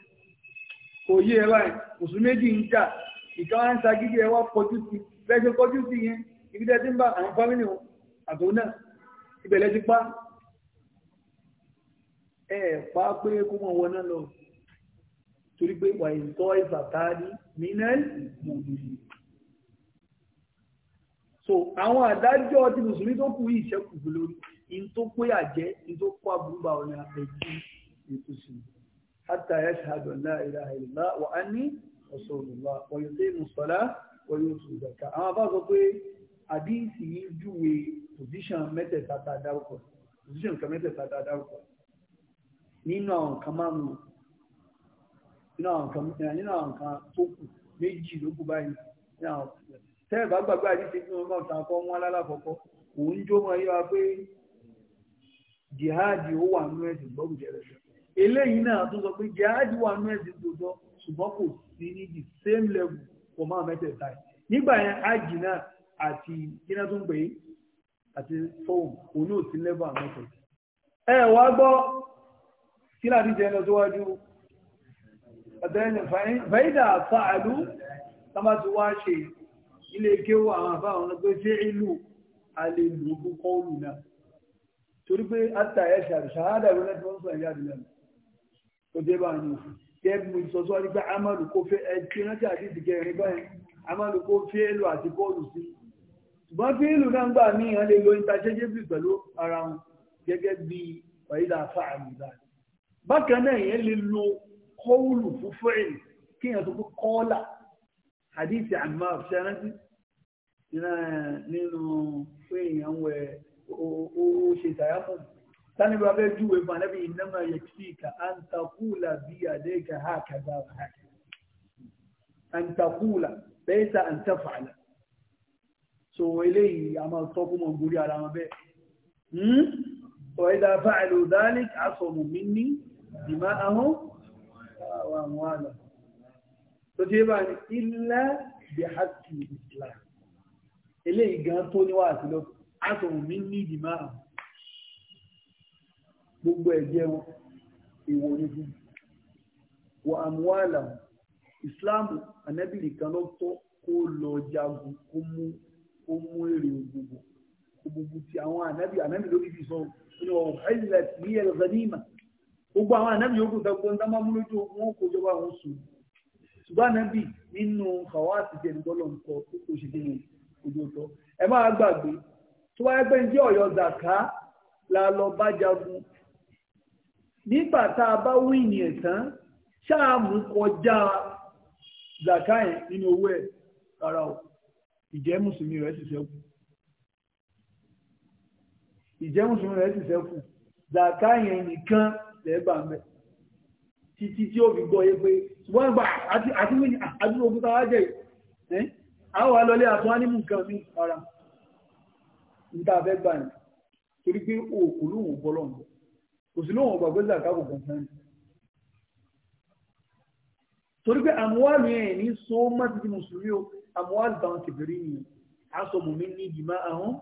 kò yí ẹ báyìí mùsùlùmí méjì ń jà ìkan wá ń sa gidi ẹ wá kọjú sí bẹ́ẹ̀ ṣe kọjú sí yẹn ibi tẹ́ ti ń bá àwọn fámìlì wọn àtòun náà ibẹ̀ lẹ́ ti pa ẹ̀ pa pé kó mọ̀ wọná lọ torí pé wà ìtọ́ ìfàtàrí mínẹ́lì mọ̀lùmí so àwọn àdájọ́ ti mùsùlùmí tó kú yìí ṣẹ́kù lórí in tó pé àjẹ́ in tó kó àbúrúbà ọ̀nà àpẹjú ètò sí hatta yashhadu la ilaha illallah wa anni rasulullah wa yuqimu salah wa yutu zakah àwọn bá sọ pé àdíìsì yìí júwe position mẹ́tẹ̀ẹ̀ta tá a dárúkọ position kan mẹ́tẹ̀ẹ̀ta tá a dárúkọ nínú àwọn kan márùn-ún Eh, nínú àwọn nǹkan tó kù méjì ló kù báyìí tẹ́ẹ̀ bá gbàgbé àdíṣe tí wọ́n bá ta kọ́ wọn lálàkọ́kọ́ òun jó mọ́ yíwa pé jihadi ó wà nú ẹ̀sìn gbọ́dọ̀ jẹ́rẹ̀ sọ eléyìí náà tó sọ pé jihadi wà nú ẹ̀sìn tòótọ́ ṣùgbọ́n kò sí ní the same level for máa mẹ́tẹ̀ẹ̀ta yìí nígbà yẹn ájì náà àti kíná tó ń pè é àti fóun òun náà sí level àmọ́tẹ̀ẹ̀ta ẹ̀ wá gbọ́ kí jẹ́ lọ síwájú ọ̀tẹ́lẹ̀ fàídà fàálù tàbá ti wá ṣe ilé kéwà àwọn àbá àwọn ọ̀nà pé ṣe ìlú alèlú kúkọ́ olù náà torí pé àtà ẹ̀ṣà ṣàádà rẹ̀ tó ń sọ ìyá àdìlẹ̀ tó dé bá ní kẹ́bù ìsọ̀sọ́ ní pé amálù kó fẹ́ ẹ̀tí rántí àti ìdìgẹ̀ rẹ̀ báyìí bákan náà ìyẹn lè lo kọ́wùlù fún fẹ́ẹ̀lì kí èèyàn tó kó kọ́ọ́là àdìsí àmà ṣẹ́rántí nínú fún èèyàn wẹ ó ṣe tàyàmù sani bá bẹ́ẹ̀ júwe fún anábì ìnáma yẹ̀kíkà àǹtakùlà bí àdéka ha kàdá ha àǹtakùlà bẹ́ẹ̀ ta àǹtafàlà so eléyìí a máa tọ́ fún gorí ara wọn bẹ́ẹ̀ وإذا فعلوا ذلك عصموا مني دماءهم وأموالهم تجيبان إلا بحق الإسلام إليه قانتوني واسلوك عصوا مني دماءهم gbogbo ẹ̀jẹ̀ wọn ìwọ ni fún wa amuala islam anabi nìkan ló tọ́ kó lọ jagun kó mú kó mú èrè gbogbo gbogbo ti àwọn anabi anabi lórí fi sọ ọ ọ̀hẹ́lẹ̀ ní ẹ̀rọ gbogbo àwọn ànábì yòókù tẹ́kọ́ ní tánbá múlójú wọn kò jọba àwọn oṣù ṣùgbọ́n ànábì nínú kàwáàtì jẹ́ ìdọ́lọ̀ nǹkan tó kò ṣe nínú ojú ọ̀tọ̀ ẹ máa gbàgbé tó wáyé pé ní ọ̀yọ́ zàká la lọ bá jagun nígbà tá a bá wí ní ẹ̀tàn ṣáàmù kọjá zàká yẹn nínú owó ẹ̀ rárá o ìjẹ́ mùsùlùmí rẹ̀ sì ṣẹ́kù ìjẹ́ mùsùlùmí rẹ̀ sì ṣẹ́kù zàká yẹn nìkan lẹ́ẹ̀bà mẹ́ títí tí obi fi gbọ́ yé pé wọ́n gbà àti àwọn alọ́lé àtún ánímù kan ní ara níta fẹ́ gbà ní torí pé òkú lóhùn torí pé àmúwálù yẹn ní so mùsùlùmí o àmúwálù táwọn kẹfẹ́rí nìyẹn aṣọ mùmí ní ìgbìmọ̀ àwọn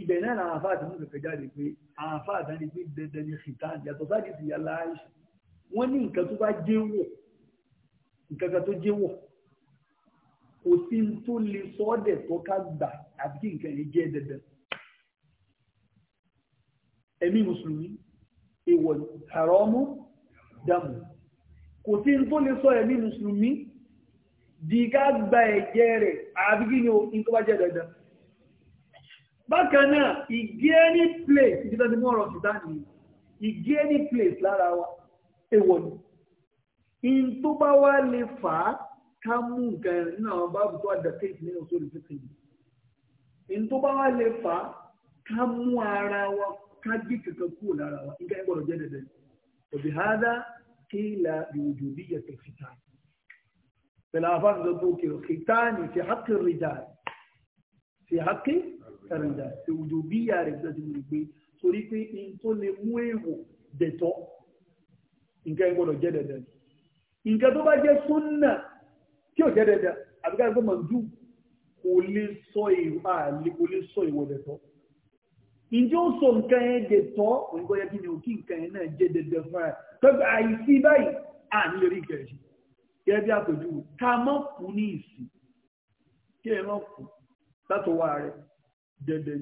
ibẹ̀ náà làwọn afá àti múlùfẹ́ jáde pé àwọn afá àdáni pé dandan ni ṣìtàn yàtọ̀ sáàdì sí yàrá àìsàn wọ́n ní nǹkan tó bá jẹ́wọ̀ nǹkan kan tó jẹ́wọ̀ kò sí tó lè sọ ọ́ dẹ̀ tó ká gbà àbí kí nǹkan yẹn jẹ́ dandan ẹ̀mí mùsùlùmí èèwọ̀ haramu dàmù kò sí tó lè sọ ẹ̀mí mùsùlùmí di ká gba ẹ̀jẹ̀ rẹ̀ àbí kí ni o nǹkan bá jẹ́ dandan bákan náà ìgé any place ibi tó ti mú ọ̀rọ̀ ṣùgbọ́n ní ìgé any place lára wa èèwọ̀ ni in tó bá wá lè fà á ká mú nǹkan ẹ̀rìn nínú àwọn báàbù tó àdàkẹ́ ìpínlẹ̀ ọ̀ṣọ́ rẹ̀ fẹ́fẹ́ yìí in tó bá wá lè fà á ká mú ara wa ká gé kankan kúrò lára wa nǹkan ẹ̀ gbọ́dọ̀ jẹ́ dẹ̀dẹ̀ òbí hádá kí la ìwòjò bí yẹtọ̀ fìtá pẹ̀lú àwọn afáàfin tó tó ní fi hákì rìjà fi hákì ẹ̀rìndà èwùjọ bí ìyá rẹ̀ bí ọdún rẹ̀ gbé torí pé in tó lè mú èèwọ̀ dẹ̀tọ́ nǹkan ẹ̀ gbọ́dọ̀ jẹ́ dandan nǹkan tó bá jẹ́ súnà tí ò jẹ́ dandan àbíká ẹgbẹ́ mọ̀ndú kò lè sọ ìwọ̀ dẹ̀tọ́ ǹjẹ́ ó sọ nǹkan ẹ̀ dẹ̀tọ́ òyìnbó yẹ kí ni òkí nǹkan ẹ̀ náà jẹ́ dandan fún ẹ̀ pẹ́pẹ́ àìsí báyìí rẹ̀ dẹ̀dẹ̀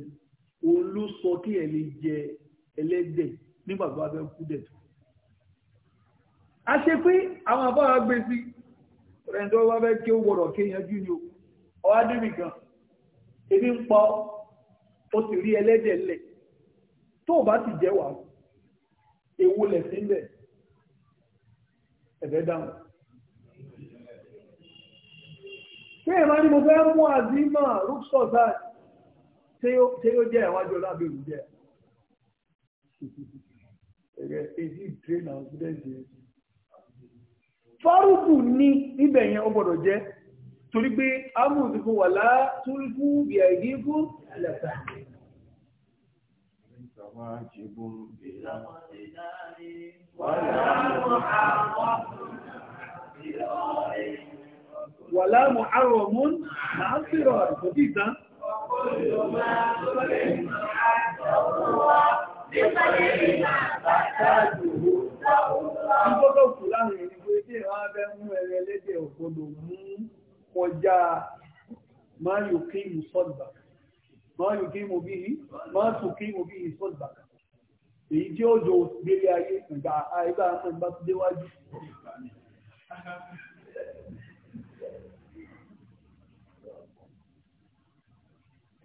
òun ló sọ kí ẹ lè jẹ ẹlẹ́dẹ̀ nígbà tó bá fẹ́ kú dẹ̀ tó. a ṣe pé àwọn àbára gbé sí rẹ̀ tó bá fẹ́ kí ó wọ̀rọ̀ kéèyànjú ni ó wá débi gan ebi ń pa ó sì rí ẹlẹ́dẹ̀ lẹ̀ tó o bá ti jẹ́ wàá ewu lẹ̀ sí bẹ̀ ẹ̀fẹ́ dáhùn. Kéèyàn máa ní mo fẹ́ mú àzímà rúkṣọ̀ báyìí ṣé yóò jẹ́ ìwájú ọlábẹ́ òní jẹ́ ẹ̀rẹ́ èyí train and student yẹn. fárúkù ní ibẹ̀ yẹn ó gbọ́dọ̀ jẹ́ torí pé amúdù fún wà tún kú ìyà ìdí fún àlàtà. Wàlá mu àrọ̀ mún, màá fìrọ̀ àrùkò bí ìtàn. Ìgbọ́dọ̀ kù láàrin ìrìnbó tí ìwọ́n abẹ́ mú ẹrẹ lédè ògbọ́dọ̀ mú kọjá máa yóò kí mú sọ́dùbà. Máa yóò kí mú bí i, máa tún kí mú bí i sọ́dùbà. Èyí tí ó jọ gbélé ayé ìgbà àìgbà àmọ́ ìgbà tó déwájú.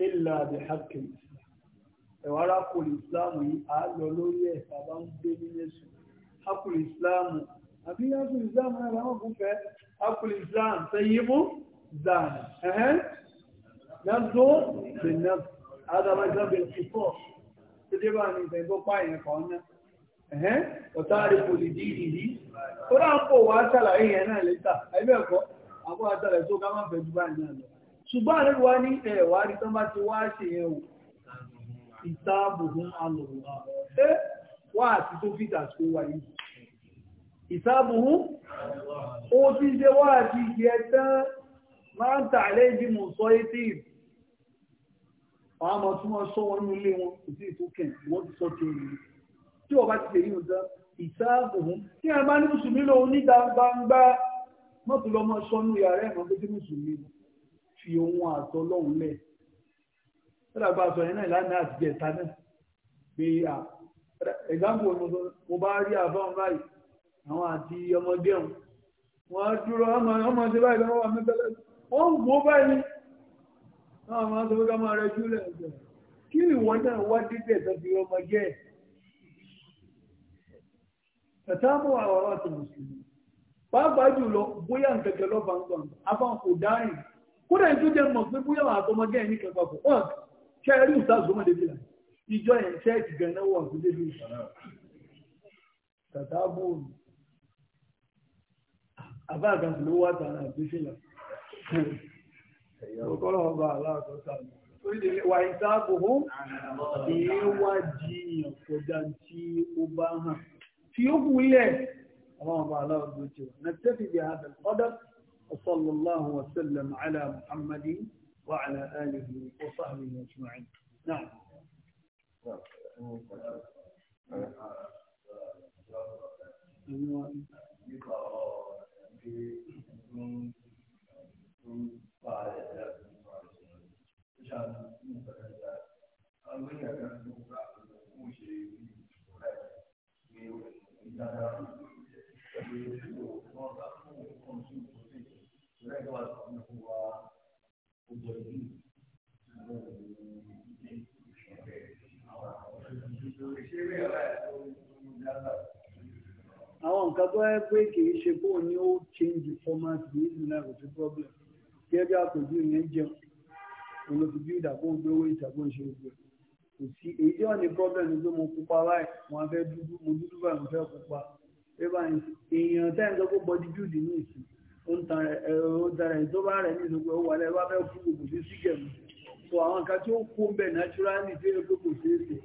ìlà àbẹ̀hàkì ẹ̀wà arákùnrin ìsìláàmù yìí á lọ lórí ẹ̀ bàbá ń gbé ní yẹsùn akùnrin ìsìláàmù àbí akùnrin ìsìláàmù náà làwọn kò fẹ́ akùnrin ìsìláàmù sẹ́yìn mú zàn ẹ̀hẹ́n nàzó bẹ̀nà àdàbàjá bẹ̀rẹ̀ fífọ́ tẹ́tẹ́ bá ní ìfẹ́ tó pààyàn kan náà ẹ̀hẹ́n ọ̀tá rẹ̀ kò ìdí tó dáa ń pò wá yẹn náà lẹ́tà ẹgbẹ́ ẹ̀kọ́ àbọ̀ àtàlẹ̀ tó ká má fẹ́ jù báyìí náà ṣùgbọ́n àrẹ́rù wá ní ẹ̀wà rí tán bá ti wá ṣe yẹn o ìtààbòhún alòhùnà ẹ wá àti tó fìtà tó wà yìí ìtààbòhún ó ti ṣe wá àti ìṣe ẹ̀tán máa ń tààlẹ́ ìdí mọ̀ sọ etí àwọn ọmọ tí wọ́n sọ wọn ní ilé wọn fi ohun àtọlọ́hún lẹ̀ lọ́dàgbà sọ yẹn náà lánàá àtijọ́ ìta náà pé à ẹ̀gbáǹpù mo bá rí àbáwọn báyìí àwọn àti ọmọdé ọ̀hún wọ́n dúró ọmọdé báyìí lọ́wọ́ wa mẹ́tẹ́lẹ́ wọ́n ń gbó báyìí náà máa ń sọ pé ká rẹ júlẹ̀ ọ̀jọ̀ kí ìwọ náà wá dídẹ̀ tó fi ọmọ jẹ́ ẹ̀ tẹ̀tàmù àwọn àti mùsùlùmí pàápàá jùlọ bóyá nǹkan kẹlọ́ bá ń gbọ̀n kódà ní tó jẹ́ mọ̀ pé bóyá àwọn àtọmọdé ẹni kan papọ̀ wọ́n ṣe rí ìsáàzù ọmọdé bí la ìjọ yẹn ṣẹ́ẹ̀kì gan-an wọ̀ sí débi tàtà bóòlù àbá àgàtì ló wá tààrà àgbéṣẹ́lá ọkọ́lọ́ ọba aláàkọ́ta orílẹ̀ wà ìsáàbò hún ìwádìí ọ̀kọ̀dá tí ó bá hàn tí ó kú ilẹ̀ àwọn ọba aláàkọ́ta وصلى الله وسلم على محمد وعلى آله وصحبه أجمعين نعم Thank you. فكان جواب انه هو مجردين àwọn nǹkan tó ẹ pé kì í ṣe bó ni ó change format bí ìsìnlẹ̀ kò sí problem gẹ́gẹ́ bí àpèjú ìyẹn jẹun òun ló fi bí ìdàpọ̀ ń gbówó ìtàgbọ́ ìṣe gbogbo kò sí èyí tí wọ́n ní problem ni pé mo pupa báyìí mo fẹ́ dúdú mo dúdú báyìí mo fẹ́ pupa èèyàn tẹ́ ń sọ pé body ní ìsìn ń tan ẹ̀rọ dára ìtọ́ bá rẹ̀ nínú pé ó wà lẹ́wà bẹ́ fún gbogbo sí sígẹ̀mù so àwọn kan tí ó kó ń bẹ̀ naturally tí ó gbogbo sí èsè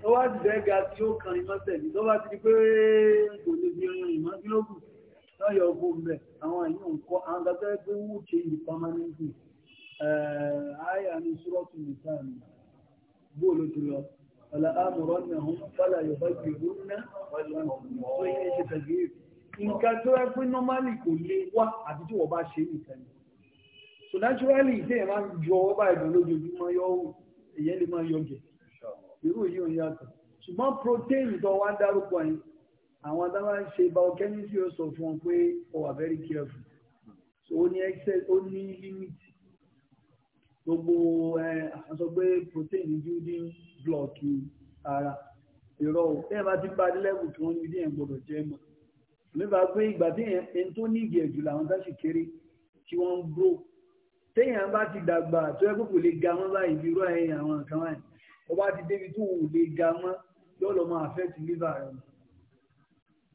tó wá ti dẹ́ga tí ó kan iná tẹ̀lé tó bá ti di pé kò lè fi orin ìmọ̀ sí lókù náà yọ kó ń bẹ̀ àwọn ìlú nǹkọ́ àwọn kan tẹ́ pé wù change permanently àyà ni sọ́ọ̀tù nìkan bó ló ti lọ ọ̀là àmọ̀rọ̀ náà nǹkan tó ẹ pé normally kò lè wá àti tí wọ́n bá ṣe nìkan ni so naturally ìdí ẹ̀ máa ń yọ ọ́ báyìí gan lójoojúmọ́ yọ èyẹ lè máa yọ jẹ irú yìí ò ń yàtọ̀ ṣùgbọ́n protein tó wá dárúkọ yẹn àwọn adáwà ń ṣe biochemistry ó sọ fún ọ pé ọ wà very careful so ó ní excess ó ní limit gbogbo ẹ àṣọ pé protein building block ara ìrọ̀ ẹ̀ bá ti bá dé level kí wọ́n ní bí ẹ̀ gbọ́dọ̀ jẹ́ mọ́ nígbà pé ìgbà tí ẹni tó ní ìjẹ̀ jù làwọn táṣì kéré tí wọ́n ń gbó téèyàn bá ti dàgbà tó ẹ kókò lè ga mọ́ báyìí bí irú ẹ̀yìn àwọn nǹkan wáyé ó bá ti débi tó wò lè ga mọ́ lọ́lọ́ máa fẹ́ ti liver rẹ̀ mọ́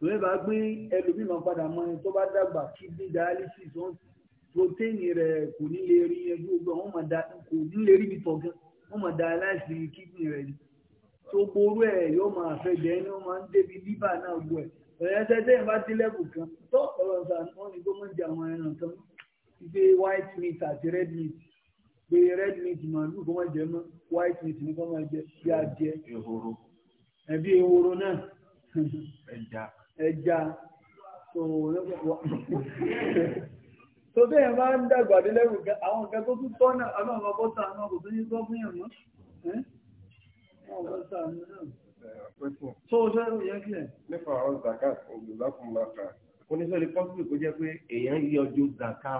lóyún bá gbé ẹlòmíì padà mọ́ ẹni tó bá dàgbà kí bí dialysis wọn protéènì rẹ̀ kò ní lè rí ẹjú ogbọ́n wọn máa da kò ní lè rí ibi gan wọn máa dialysis kídìnrín rẹ̀ ni tó gbóró ẹ̀ yóò máa fẹ́ jẹ́ ẹni wọn máa ń débi liver náà gbọ́ ẹ̀ ẹ̀ẹ́sẹ̀ tẹ́yìn bá ti lẹ́kùn kan tó ọ̀pọ̀lọpọ̀ àwọn ni gómìnà jẹ àwọn ẹran kan gbé white meat àti red meat gbé red meat màálù kó má jẹ mọ́ white meat jẹ bí adìẹ ẹbí ehoro náà ẹja ẹja tó bẹ́ẹ̀ máa ń dàgbà dé àwọn tó tún àwọn ọmọ bọ́tà náà kò fún yàn mọ́ tó o sáré yẹn kílẹ̀. nípa ọ̀rọ̀ zakat ògùnlá fún wa kan pọ́sibú kó jẹ́ pé èèyàn yọjú zaka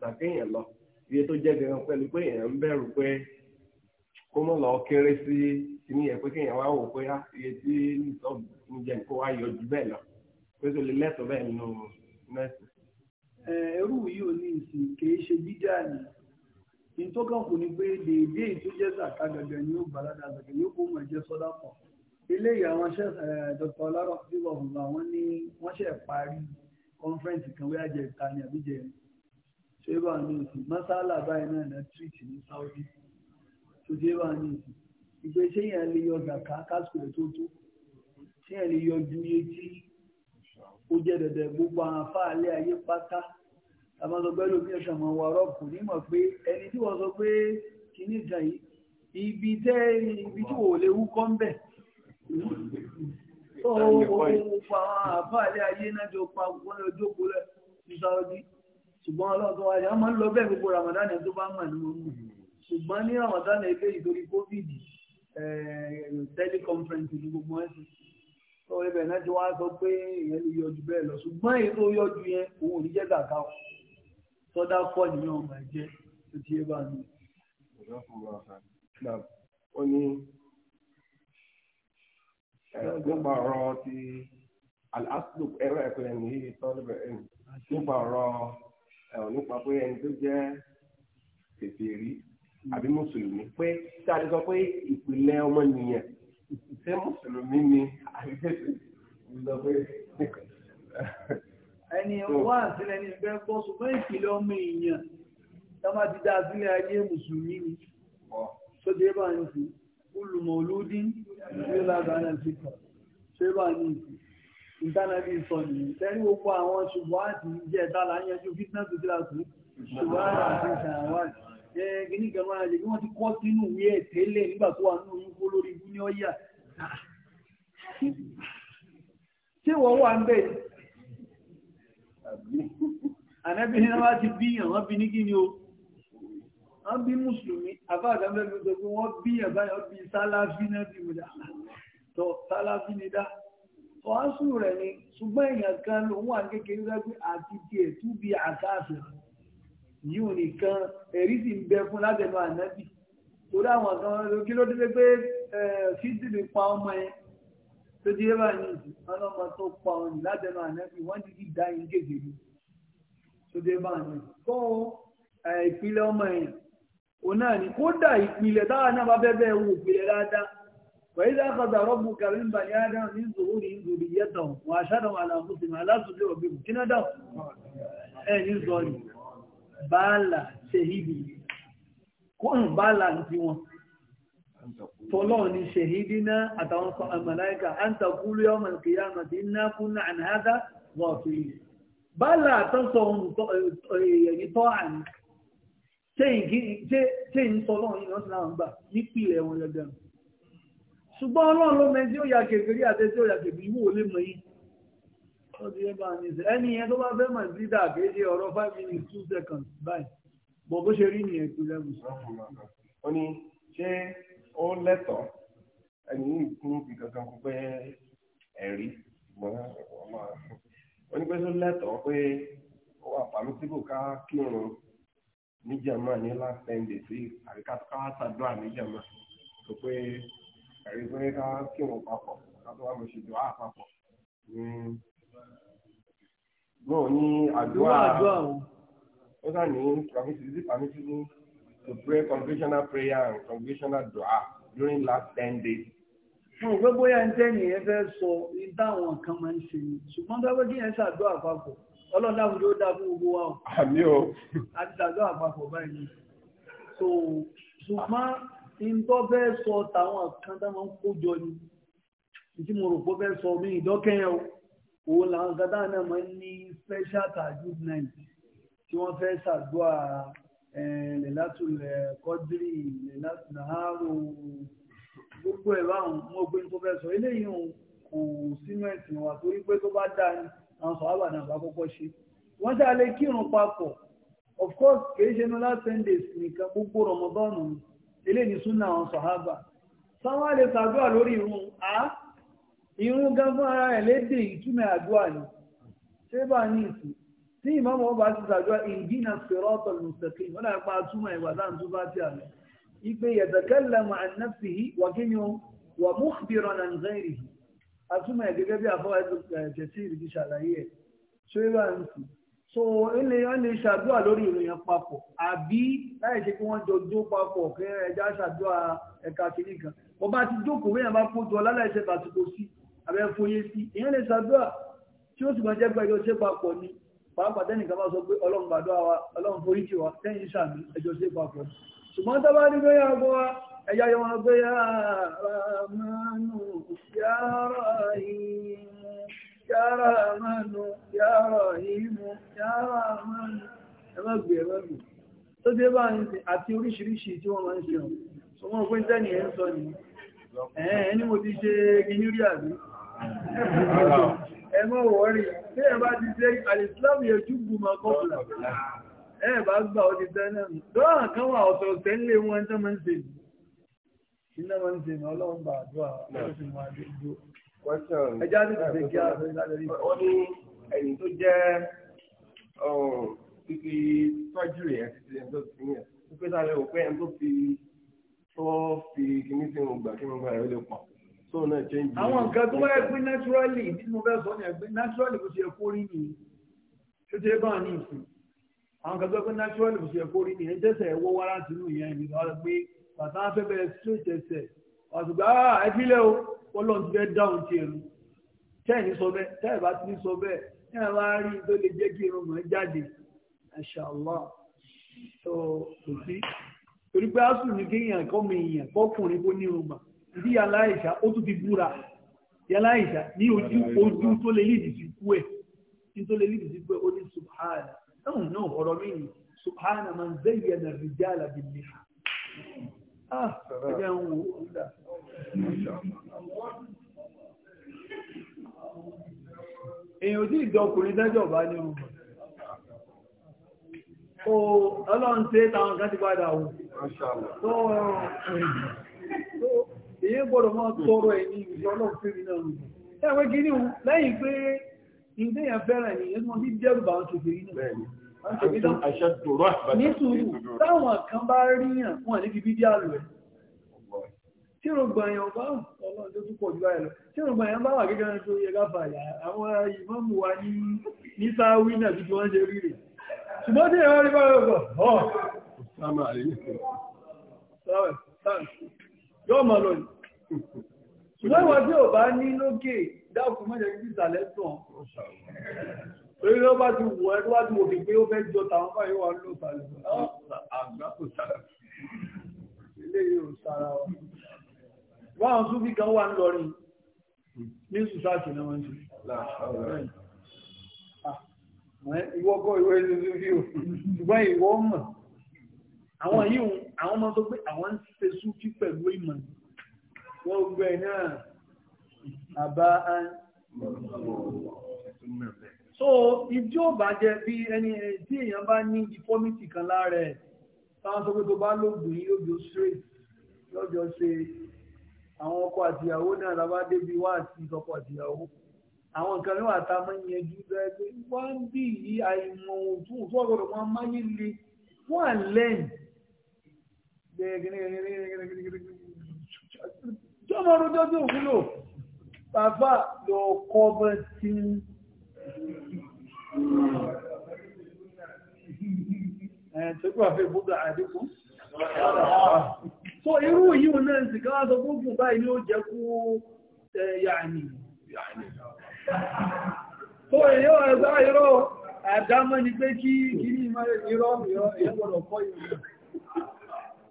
zakéèyàn lọ iye tó jẹ́ gẹ̀gẹ̀ pẹ̀lú pé èèyàn ń bẹ̀rù pé kó mọ̀ lọ kéré sí yẹn ah, iye tí kó wá yọjú bẹ́ẹ̀ lọ pé tó lè bẹ́ẹ̀ nínú ẹrú yìí ṣe dídá ni ní kò ní pé dèédéé tó zaka ni ó ilé ìyàwọn ṣe dr ọlọ́rọ̀ bíbọ̀ ọ̀gbà wọn ní wọ́n ṣe parí kọ́nfẹ́ǹsì kan wíwá jẹ ìta ní àbíjẹ ṣébà ní òsì mọ́sálà báyìí náà ní tíìtì ní Saudi tó ṣébà ní òsì ìgbé ṣé yẹn lè yọ gàkà kásìkò rẹ̀ tó tó ṣé yẹn lè yọ ju iye tí ó jẹ́ dẹ̀dẹ̀ gbogbo àwọn afáàlẹ́ ayé pátá àmọ́ sọ pé lómi ẹ̀sán mọ́ wa rọ́ọ̀kù nímọ̀ pé ẹni tí wọ́n sọ pé kìíní kan yìí ibi tẹ́ ibi tí wò lè wúkọ́ ń Ọ̀pọ̀ àwọn àbáàlẹ̀ ayé náà jọ pa wọ́n lọ jókòó lẹ̀ sí Sáúdí. Ṣùgbọ́n ọlọ́dún wáyé, a máa ń lọ bẹ́ẹ̀ gbogbo Ramadan tó bá mọ̀ ní Ṣùgbọ́n ní Ramadan ilé ìtorí COVID eh, teleconference ní gbogbo ẹ̀sìn. Sọ ibẹ̀ náà ti wá sọ pé ìyẹn ló yọjú bẹ́ẹ̀ lọ. Ṣùgbọ́n èyí tó yọjú yẹn, òun ní jẹ́ gàgà Sọ́dá pọ̀ ọmọ ẹ̀jẹ̀ tó ti bá mi. nípa ọ̀rọ̀ ti al-aslu ẹ̀rọ ẹ̀kọ́ ẹ̀ ní tọ́lẹ̀bẹ̀ ẹ̀ nípa ọ̀rọ̀ ẹ̀rọ nípa pé ẹni tó jẹ́ kèfèrí àbí mùsùlùmí pé tí a ti sọ pé ìpìlẹ̀ ọmọnìyàn ṣé mùsùlùmí ni àbí kèfèrí ló pé. ẹni wá sílẹ̀ ní ìgbẹ́ bọ́ ṣùgbọ́n ìpìlẹ̀ ọmọ èèyàn tá má ti dá sílẹ̀ ayé mùsùlùmí ni tó dé bá ń sìn kullu mọ̀lúdín nílágbàánà fífà ṣé bá ní ìtànàbí sọ ní tẹ́rí gbogbo àwọn ṣùgbọ́n àti ìjẹ́ ìtàlà yẹnjú fitness to class ṣùgbọ́n àti ìṣàwádìí gíní kan àwọn bí ní kí wọ́n bí mùsùlùmí àbáàdá mẹ́rin tó kí wọ́n bí ẹ̀báyọ̀ bí sálàfí náà bí mùdá tó sálàfí ní dá ọ̀hásù rẹ̀ ni ṣùgbọ́n èèyàn kan ló wà kékeré rẹ́gbẹ́ àti ti ètú bí àkáàfẹ́ yíò nìkan ẹ̀rí sì ń bẹ fún lábẹ́nu ànábì torí àwọn kan ló kí ló dé pé fídílì pa ọmọ yẹn tó dé bá ní ìdí ọlọ́mọ tó pa ọmọ lábẹ́nu ànábì wọ́n ti dá yín kékeré tó dé bá ní ìdí kó ìpínlẹ̀ ọmọ yẹn ọ̀nà kódà ìpìlẹ̀ táwa bá bẹ́ẹ̀ wò ìpìlẹ̀ dáadáa وإذا أخذ ربك من بني آدم من ظهورهم ذريتهم وأشهدهم على أنفسهم ألا تبصروا بهم كنا دو إيه نزوري ṣé ìsọ náà yìí lọ́sí láwọn gbà nípìnlẹ̀ wọn gẹ́gẹ́ ṣùgbọ́n ọlọ́run ló mẹ tí ó yà kèkèrí àti tí ó yà kèkèrí ìwò olè mọ̀ yìí ọdún yẹn bá ní ẹni yẹn tó bá fẹ́ mọ̀ sí dà kéde ọ̀rọ̀ five minutes two seconds báyìí bọ̀ bó ṣe rí nìyẹn tó lẹ́bù. ó ní ṣé ó lẹ́tọ̀ọ́ ẹni yìí kún bí kankan kó pé ẹ̀rí ṣùgbọ́n ọmọ ó ní pé ṣó lẹ́tọ̀ọ́ pé níjàmá ni last ten days yìí àríkàtúkà ṣàdúrà níjàmá tó pé ẹ̀rí pé ká kí wọn papọ̀ ká tó wà mo ṣe dùn á papọ̀ náà ní àdúrà ó sà ní permissive permissive to pray congregational prayer and congregational dua during last ten days ṣùgbọ́n bóyá ń tẹ́ nìyẹn fẹ́ sọ ní táwọn kan máa ń ṣe ni ṣùgbọ́n bá bá kí yẹn ṣàdúrà papọ̀ ọlọ́run dáhùn ló dá fún gbogbo wa o. àmì o. àti ìdájọ́ àpapọ̀ báyìí. so ṣùgbọ́n ìtọ́ fẹ́ sọ tàwọn kan táwọn ń kó jọ ni tí mo rò pé fẹ́ sọ mí ìdọ́kẹ́yẹ o òun làwọn kan táwọn náà máa ń ní special tajud night tí wọ́n fẹ́ ṣàdúrà lẹ́látùlẹ̀ kọ́dírì lẹ́látùnáhárò gbogbo ẹ̀ báwọn mo gbé tó fẹ́ sọ eléyìí kò sínú ẹ̀sìn wa torí pé tó bá dáa ni àwọn sọ̀hábà náà bá kọ́kọ́ ṣe wọ́n ṣe alẹ́ kírun papọ̀ of course kìí ṣe ní last ten days nìkan gbogbo rọmọdọ́nù eléyìí súnà àwọn sọ̀hábà sáwọn lè ṣàdúrà lórí irun a irun gan fún ara ẹ̀ lédè ìtumẹ̀ àdúrà ni ṣé bá ní ìsìn tí ìmọ̀mọ̀ bá ti ṣàdúrà ìdínà sèrọ́tọ̀ lùsẹ̀kìn wọ́n dàgbà túmọ̀ ìwà dáhùn tó bá ti àlọ́ ìpè yẹ̀tẹ̀kẹ́lẹ̀ mọ̀ ànáfìhì wà kí ni wà mú àtúmọ̀ ẹ̀ gẹ́gẹ́ bí àfọwọ́ ẹ̀jẹ̀sí ìrìbí ṣàlàyé ẹ̀ tó yẹ bá ń sì so ilé wọn lè ṣàdúrà lórí ìròyìn papọ̀ àbí láì ṣe kí wọ́n jọ jó papọ̀ kí ẹja ṣàdúrà ẹ̀ka kìíní kan wọ́n bá ti jókòó wíyàn bá kó jọ láláìṣe bàtúkò sí abẹ́ foyé sí ìyẹn lè ṣàdúrà tí ó sì máa jẹ́ pẹ́jọ ṣe papọ̀ ni pàápàá tẹ́nìkan bá sọ pé ọlọ́run gbàdúrà wa ọlọ́run foríjì wa tẹ́yìn ṣàmì ẹjọ́ ṣe papọ̀ ṣùgbọ́n tábà nígbẹ́yàwó wa ẹ̀yà yọ wọn gbé yàrá mánú yàrá ìmú yàrá mánú yàrá ìmú yàrá mánú ẹmọ́gbé ẹmọ́gbé tó dé bá ń sin àti oríṣiríṣi tí wọ́n máa ń ṣe ọ̀hún so wọ́n pín tẹ́nì ẹ̀ ń sọ ni ẹni mo ti ṣe gini rí àbí ẹmọ́ wọ́rí tí ẹ bá ti ṣe alìsílámù yẹ jùgbù ma kọ́pùlà ẹ bá gbà ọdí tẹ́nà iná máa ń ṣe ìmọ̀ ọlọ́run bá àdúrà lọ́sìn máa dé dúró. ẹja ní ìgbàgbé kí á lórí lálẹ́ rí. ó ní ẹni tó jẹ́ fífi tọ́jú yẹn ti ṣe ẹni tó ti yẹn wípé sáré wò pé ẹni tó fi tó fi kíní sí wọn gbà kí wọn gbà rẹ lè pọ̀ tó náà ṣe ń jẹ. àwọn nǹkan tó wáyé pé naturally bí mo fẹ́ sọ ní ẹgbẹ́ naturally bó ṣe yẹ kó rí ni tó ṣe bá ní ìsìn àwọn nǹkan tó wáyé pé naturally bó ṣe yẹ rí ni ẹ bàtà fẹ́ bẹ̀rẹ̀ straight ẹsẹ̀ àtùgbà ah, ẹ̀fílẹ̀ o ọlọ́run ti fẹ́ dáhùn ti ẹ̀rù tẹ́ẹ̀ni sọ bẹ́ẹ̀ tẹ́ẹ̀ bá ti ní sọ bẹ́ẹ̀ tẹ́ẹ̀ bá rí tó lè jẹ́ kí irun mọ̀ jáde inshallah tó kò sí torí pé asùn ní kéèyàn kọ́mọ èèyàn kọ́kùnrin kó ní irun mọ̀ ìdí yàrá ìṣá ó tún ti búra yàrá ìṣá ní ojú ojú tó lè lídìí sí kú ẹ̀ ní tó lè lídìí sí kú ẹ̀ ó ní subhana náà náà ọ̀rọ̀ mi subhana man zayyana rijala bin Ah, ẹgbẹ́ ń wo ọ̀dà èyàn tí ìjọkùnrin tẹ́jọ̀ bá ní ọmọ o ọlọ́run tí táwọn kan ti padà wù tó èyí gbọ́dọ̀ mọ́ tọrọ ẹni ìjọlọ́fẹ́rin náà rù ẹwẹ́ gíní lẹ́yìn pé ìdẹ́yàn fẹ́ràn èyí nítorí táwọn kan bá ríyàn wọn ní bíbí díàlù ẹ̀ tí rògbàyàn bá ọlọ́run tó túpọ̀ jù báyìí lọ tí rògbàyàn bá wà gẹ́gẹ́ tó yẹ gáfàyà àwọn ìmọ́mù wa ní sáwí náà bí wọ́n ṣe rí rẹ̀ ṣùgbọ́n tí ẹ̀rọ rí bá rọ̀gbọ̀ ọ̀ yóò mọ̀ lọ ṣùgbọ́n ìwọ̀n tí ò bá ní lókè dákùn torí ló bá ti wọ̀ ẹ́ tó bá ti wò kí pé ó fẹ́ jọ tàwọn báyìí wà ló sàlẹ̀ àgbà kò sára ilé yóò sára wa báwọn súnfì kan wà ńlọrin ní sùsáàtì náà wọ́n ti ìwọ kọ́ ìwọ ẹni súnfì o ṣùgbọ́n ìwọ mọ̀ àwọn yìí àwọn ọmọ tó pé àwọn ń ṣe súnfì pẹ̀lú ìmọ̀ wọ́n gbẹ náà àbá á ń so ìdí ò bàjẹ́ bí ẹni tí èèyàn bá ní deformity kan lára ẹ̀ táwọn sọ pé tó bá lóògùn yìí yóò jọ straight lọ́jọ́ ṣe àwọn ọkọ àtìyàwó náà lábá débi wá àti ọkọ àtìyàwó àwọn nǹkan ní wà tá a máa ń yanjú bẹ́ẹ̀ pé wọ́n bí i àìmọ̀ òtún òtún ọ̀gọ̀dọ̀ wọn máyé le wọ́n à lẹ́yìn jọ́mọ́ ọdún tó wúlò bàbá lọ́ọ́ kọ́ bá ti ń. Eh, so irú yíò náà sì ká sọ gbogbo báyìí ni ó jẹ kú yàní. So èyí ó ẹ̀sá irọ́ àdámọ́ ni pé kí kìí irọ́ irọ́ ìyẹ́gbọ̀nà kọ́ ìrìn.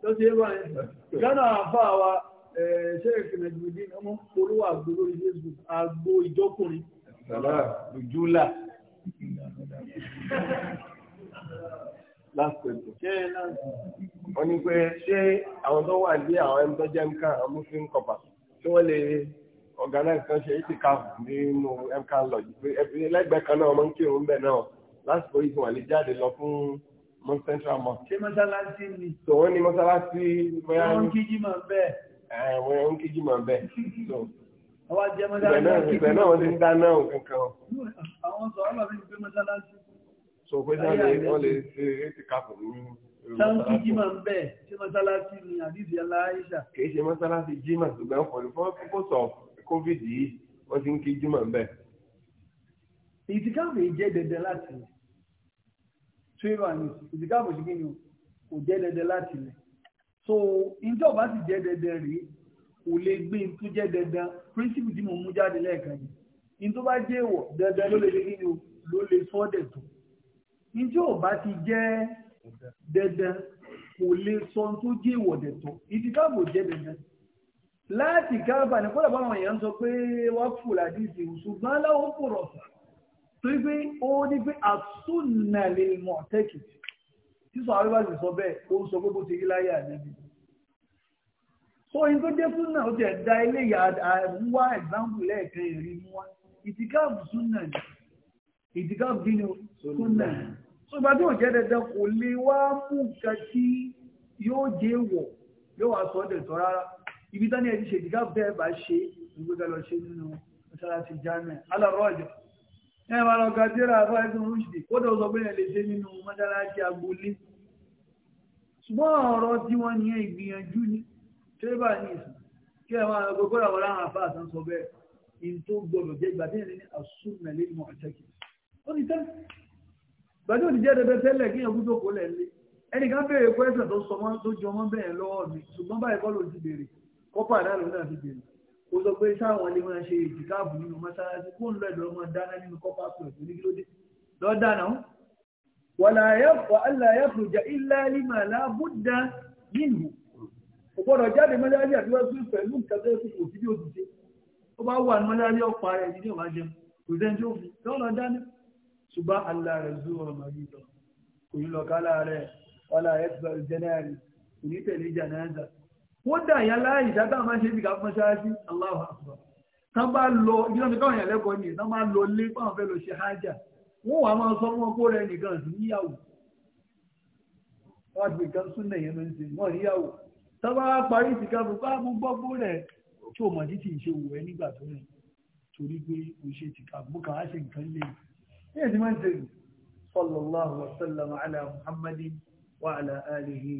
Tó ti ẹgbà ẹ̀. Gánà àfá ṣe lójúlà. last question. ṣé wọ́n ní pé ṣé àwọn tó wà ní àwọn ẹni tó jẹ́ nǹkan àwọn muslim kọ̀pà tí wọ́n lè organize kan ṣe itikaf nínú mkan lodge pé lẹ́gbẹ̀ẹ́ kan náà wọ́n ń kírun bẹ́ẹ̀ náà lásìkò yìí wọ́n lè jáde lọ fún mọ́n central mosque. ṣé mọ́sálásí ni. tòun ni mọ́sálásí. wọ́n ń kíjí mọ̀ bẹ́ẹ̀. wọ́n ń kíjí mọ̀ bẹ́ẹ̀. Àwọn jẹ́ mọ́sálásí. Ìbẹ̀ náà wọ́n ti ń dáná òkun kan. Àwọn sọ̀rọ̀ lọ sí ìgbé mọ́sálásí. Sọ pé sáàlẹ̀ wọ́n lè ṣe ètì kápù ní Sáńkì Jímà ń bẹ̀ ṣé mọ́sálásí ni àdìsí aláìṣà. Kìí ṣe mọ́sálásí Jímà ṣùgbọ́n pọ̀lú fọ́sọ̀ COVID yìí wọ́n ti ń kí Jímà ń bẹ̀. Ìtìkáàbù jẹ́ dẹ̀dẹ̀ láti ilẹ̀. Tírọ̀ ni ìtìkáàbù ṣe kí ni kò jẹ́ dẹ̀dẹ̀ láti ilẹ̀. So ìjọba sì jẹ́ dẹ̀dẹ̀ rèé kò lè gbé tó jẹ́ dẹ̀dẹ̀ príncipù tí mo mú jáde lẹ́ẹ̀kan yìí ní tó bá jẹ́ èèwọ̀ dandan ló lè ṣe kíni o ló lè sọ́dẹ̀ tó ní tí ò bá ti jẹ́ dandan kò lè sọ tó jẹ́ èèwọ̀ dẹ̀ tó ìdí káàbò jẹ́ dandan láti káàbà ní kọ́lá báwọn èèyàn sọ pé wọ́n fò ládìsí ṣùgbọ́n láwọn kò rọ̀ sọ torí pé ó ní pé àtúnà lè mọ̀ tẹ́kìtì sísọ àwọn sọ bẹ́ẹ̀ ó sọ pé bó ti rí láyé àdébìí so in tó jẹ́ súnà ó jẹ́ da ilé ìyá wá ẹ̀gbáǹkù lẹ́ẹ̀kan ìrí mú wá ìtìkáàbù súnà ni ìtìkáàbù kí ni súnà ni so ìgbà tí ò jẹ́ dandan kò lè wá mú nǹkan tí yóò jẹ́ wọ̀ yóò wá sọ ọ́dẹ̀ tọ́ rárá ibi tán ni ẹ ti ṣe ìtìkáàbù tẹ́ ẹ bá ṣe ìgbéga lọ ṣe nínú mọ́ṣáláṣí jamiu alárọ́ọ̀jọ̀ ẹ máa lọ gàdúrà fún ẹgbẹ́ rúṣìdì ṣùgbọ́n ọ̀rọ̀ tí wọ́n ní ìgbìyànjú ni ṣé bá ní ìsìn kí ẹ máa gbogbo àwọn ará àfa àtàn sọ bẹ́ẹ̀ in tó gbọdọ̀ jẹ́ ìgbà tí ẹni ní àsúnmẹ̀ lé mọ̀ àtẹ́kì ó ní tẹ́lẹ̀ gbàdé òní jẹ́ ẹ̀dẹ́gbẹ́ tẹ́lẹ̀ kí ẹkú tó kó lẹ̀ lé ẹnìkan béèrè pẹ́sẹ̀ tó sọ tó jọ mọ́ bẹ́ẹ̀ lọ́wọ́ mi ṣùgbọ́n báyìí kọ́ ló ti béèrè kọ́pà náà ló náà ti béèrè ó sọ pé sáwọn lè máa ṣe ìtìkáàbù nínú mọ́ṣáláṣí kó ń lọ ẹ̀dọ̀ ọmọ dáná nínú kọ́pà pẹ̀lú ní kílódé lọ dáná wàlàyé fọ àlàyé fòjà ìlà lima làbúdà nínú kò gbọ́dọ̀ jáde mọ́lẹ́rì àti wọ́n tún pẹ̀lú nǹkan tó kù kò sí bí òtútù tó bá wà ní mọ́lẹ́rì ọ̀pá rẹ̀ ní ìwà jẹun kò sẹ́ni tó fi lọ́nà dání ṣùgbọ́n Allah rẹ̀ zú ọ̀rọ̀ màá yìí lọ kò ní lọ kálá rẹ̀ ọ̀là ẹ̀tùbà jẹ́nẹ́rì kò ní tẹ̀lé jànáza wọ́n dà yà láàyè dáadáa máa ń ṣe bìkà fún ṣáájú Allahu akbar tán bá lọ ìjọba mi káwọn yàn lẹ́kọ̀ọ́ ni tán bá lọ lé fáwọn fẹ́ lọ ṣe hájà wọ́n wà máa sọ fún ọkọ rẹ̀ nìkan sí níyàwó wọ́n ti gbẹ̀kan súnlẹ̀ yẹn ló ń ṣe wọ́n níyàwó tọ́ba wa parí ìsìnká bùkọ́ àmú gbọ́gbó rẹ̀ tí o mọ̀ ní ti ṣe wù ẹ́ nígbà tó rẹ̀ torí pé o ṣe ìsìnká bùkọ́ á ṣe nǹkan lé ní ẹ̀sìn máa ń tẹ̀lé sallallahu wa sallam muhammadin wa ala alihi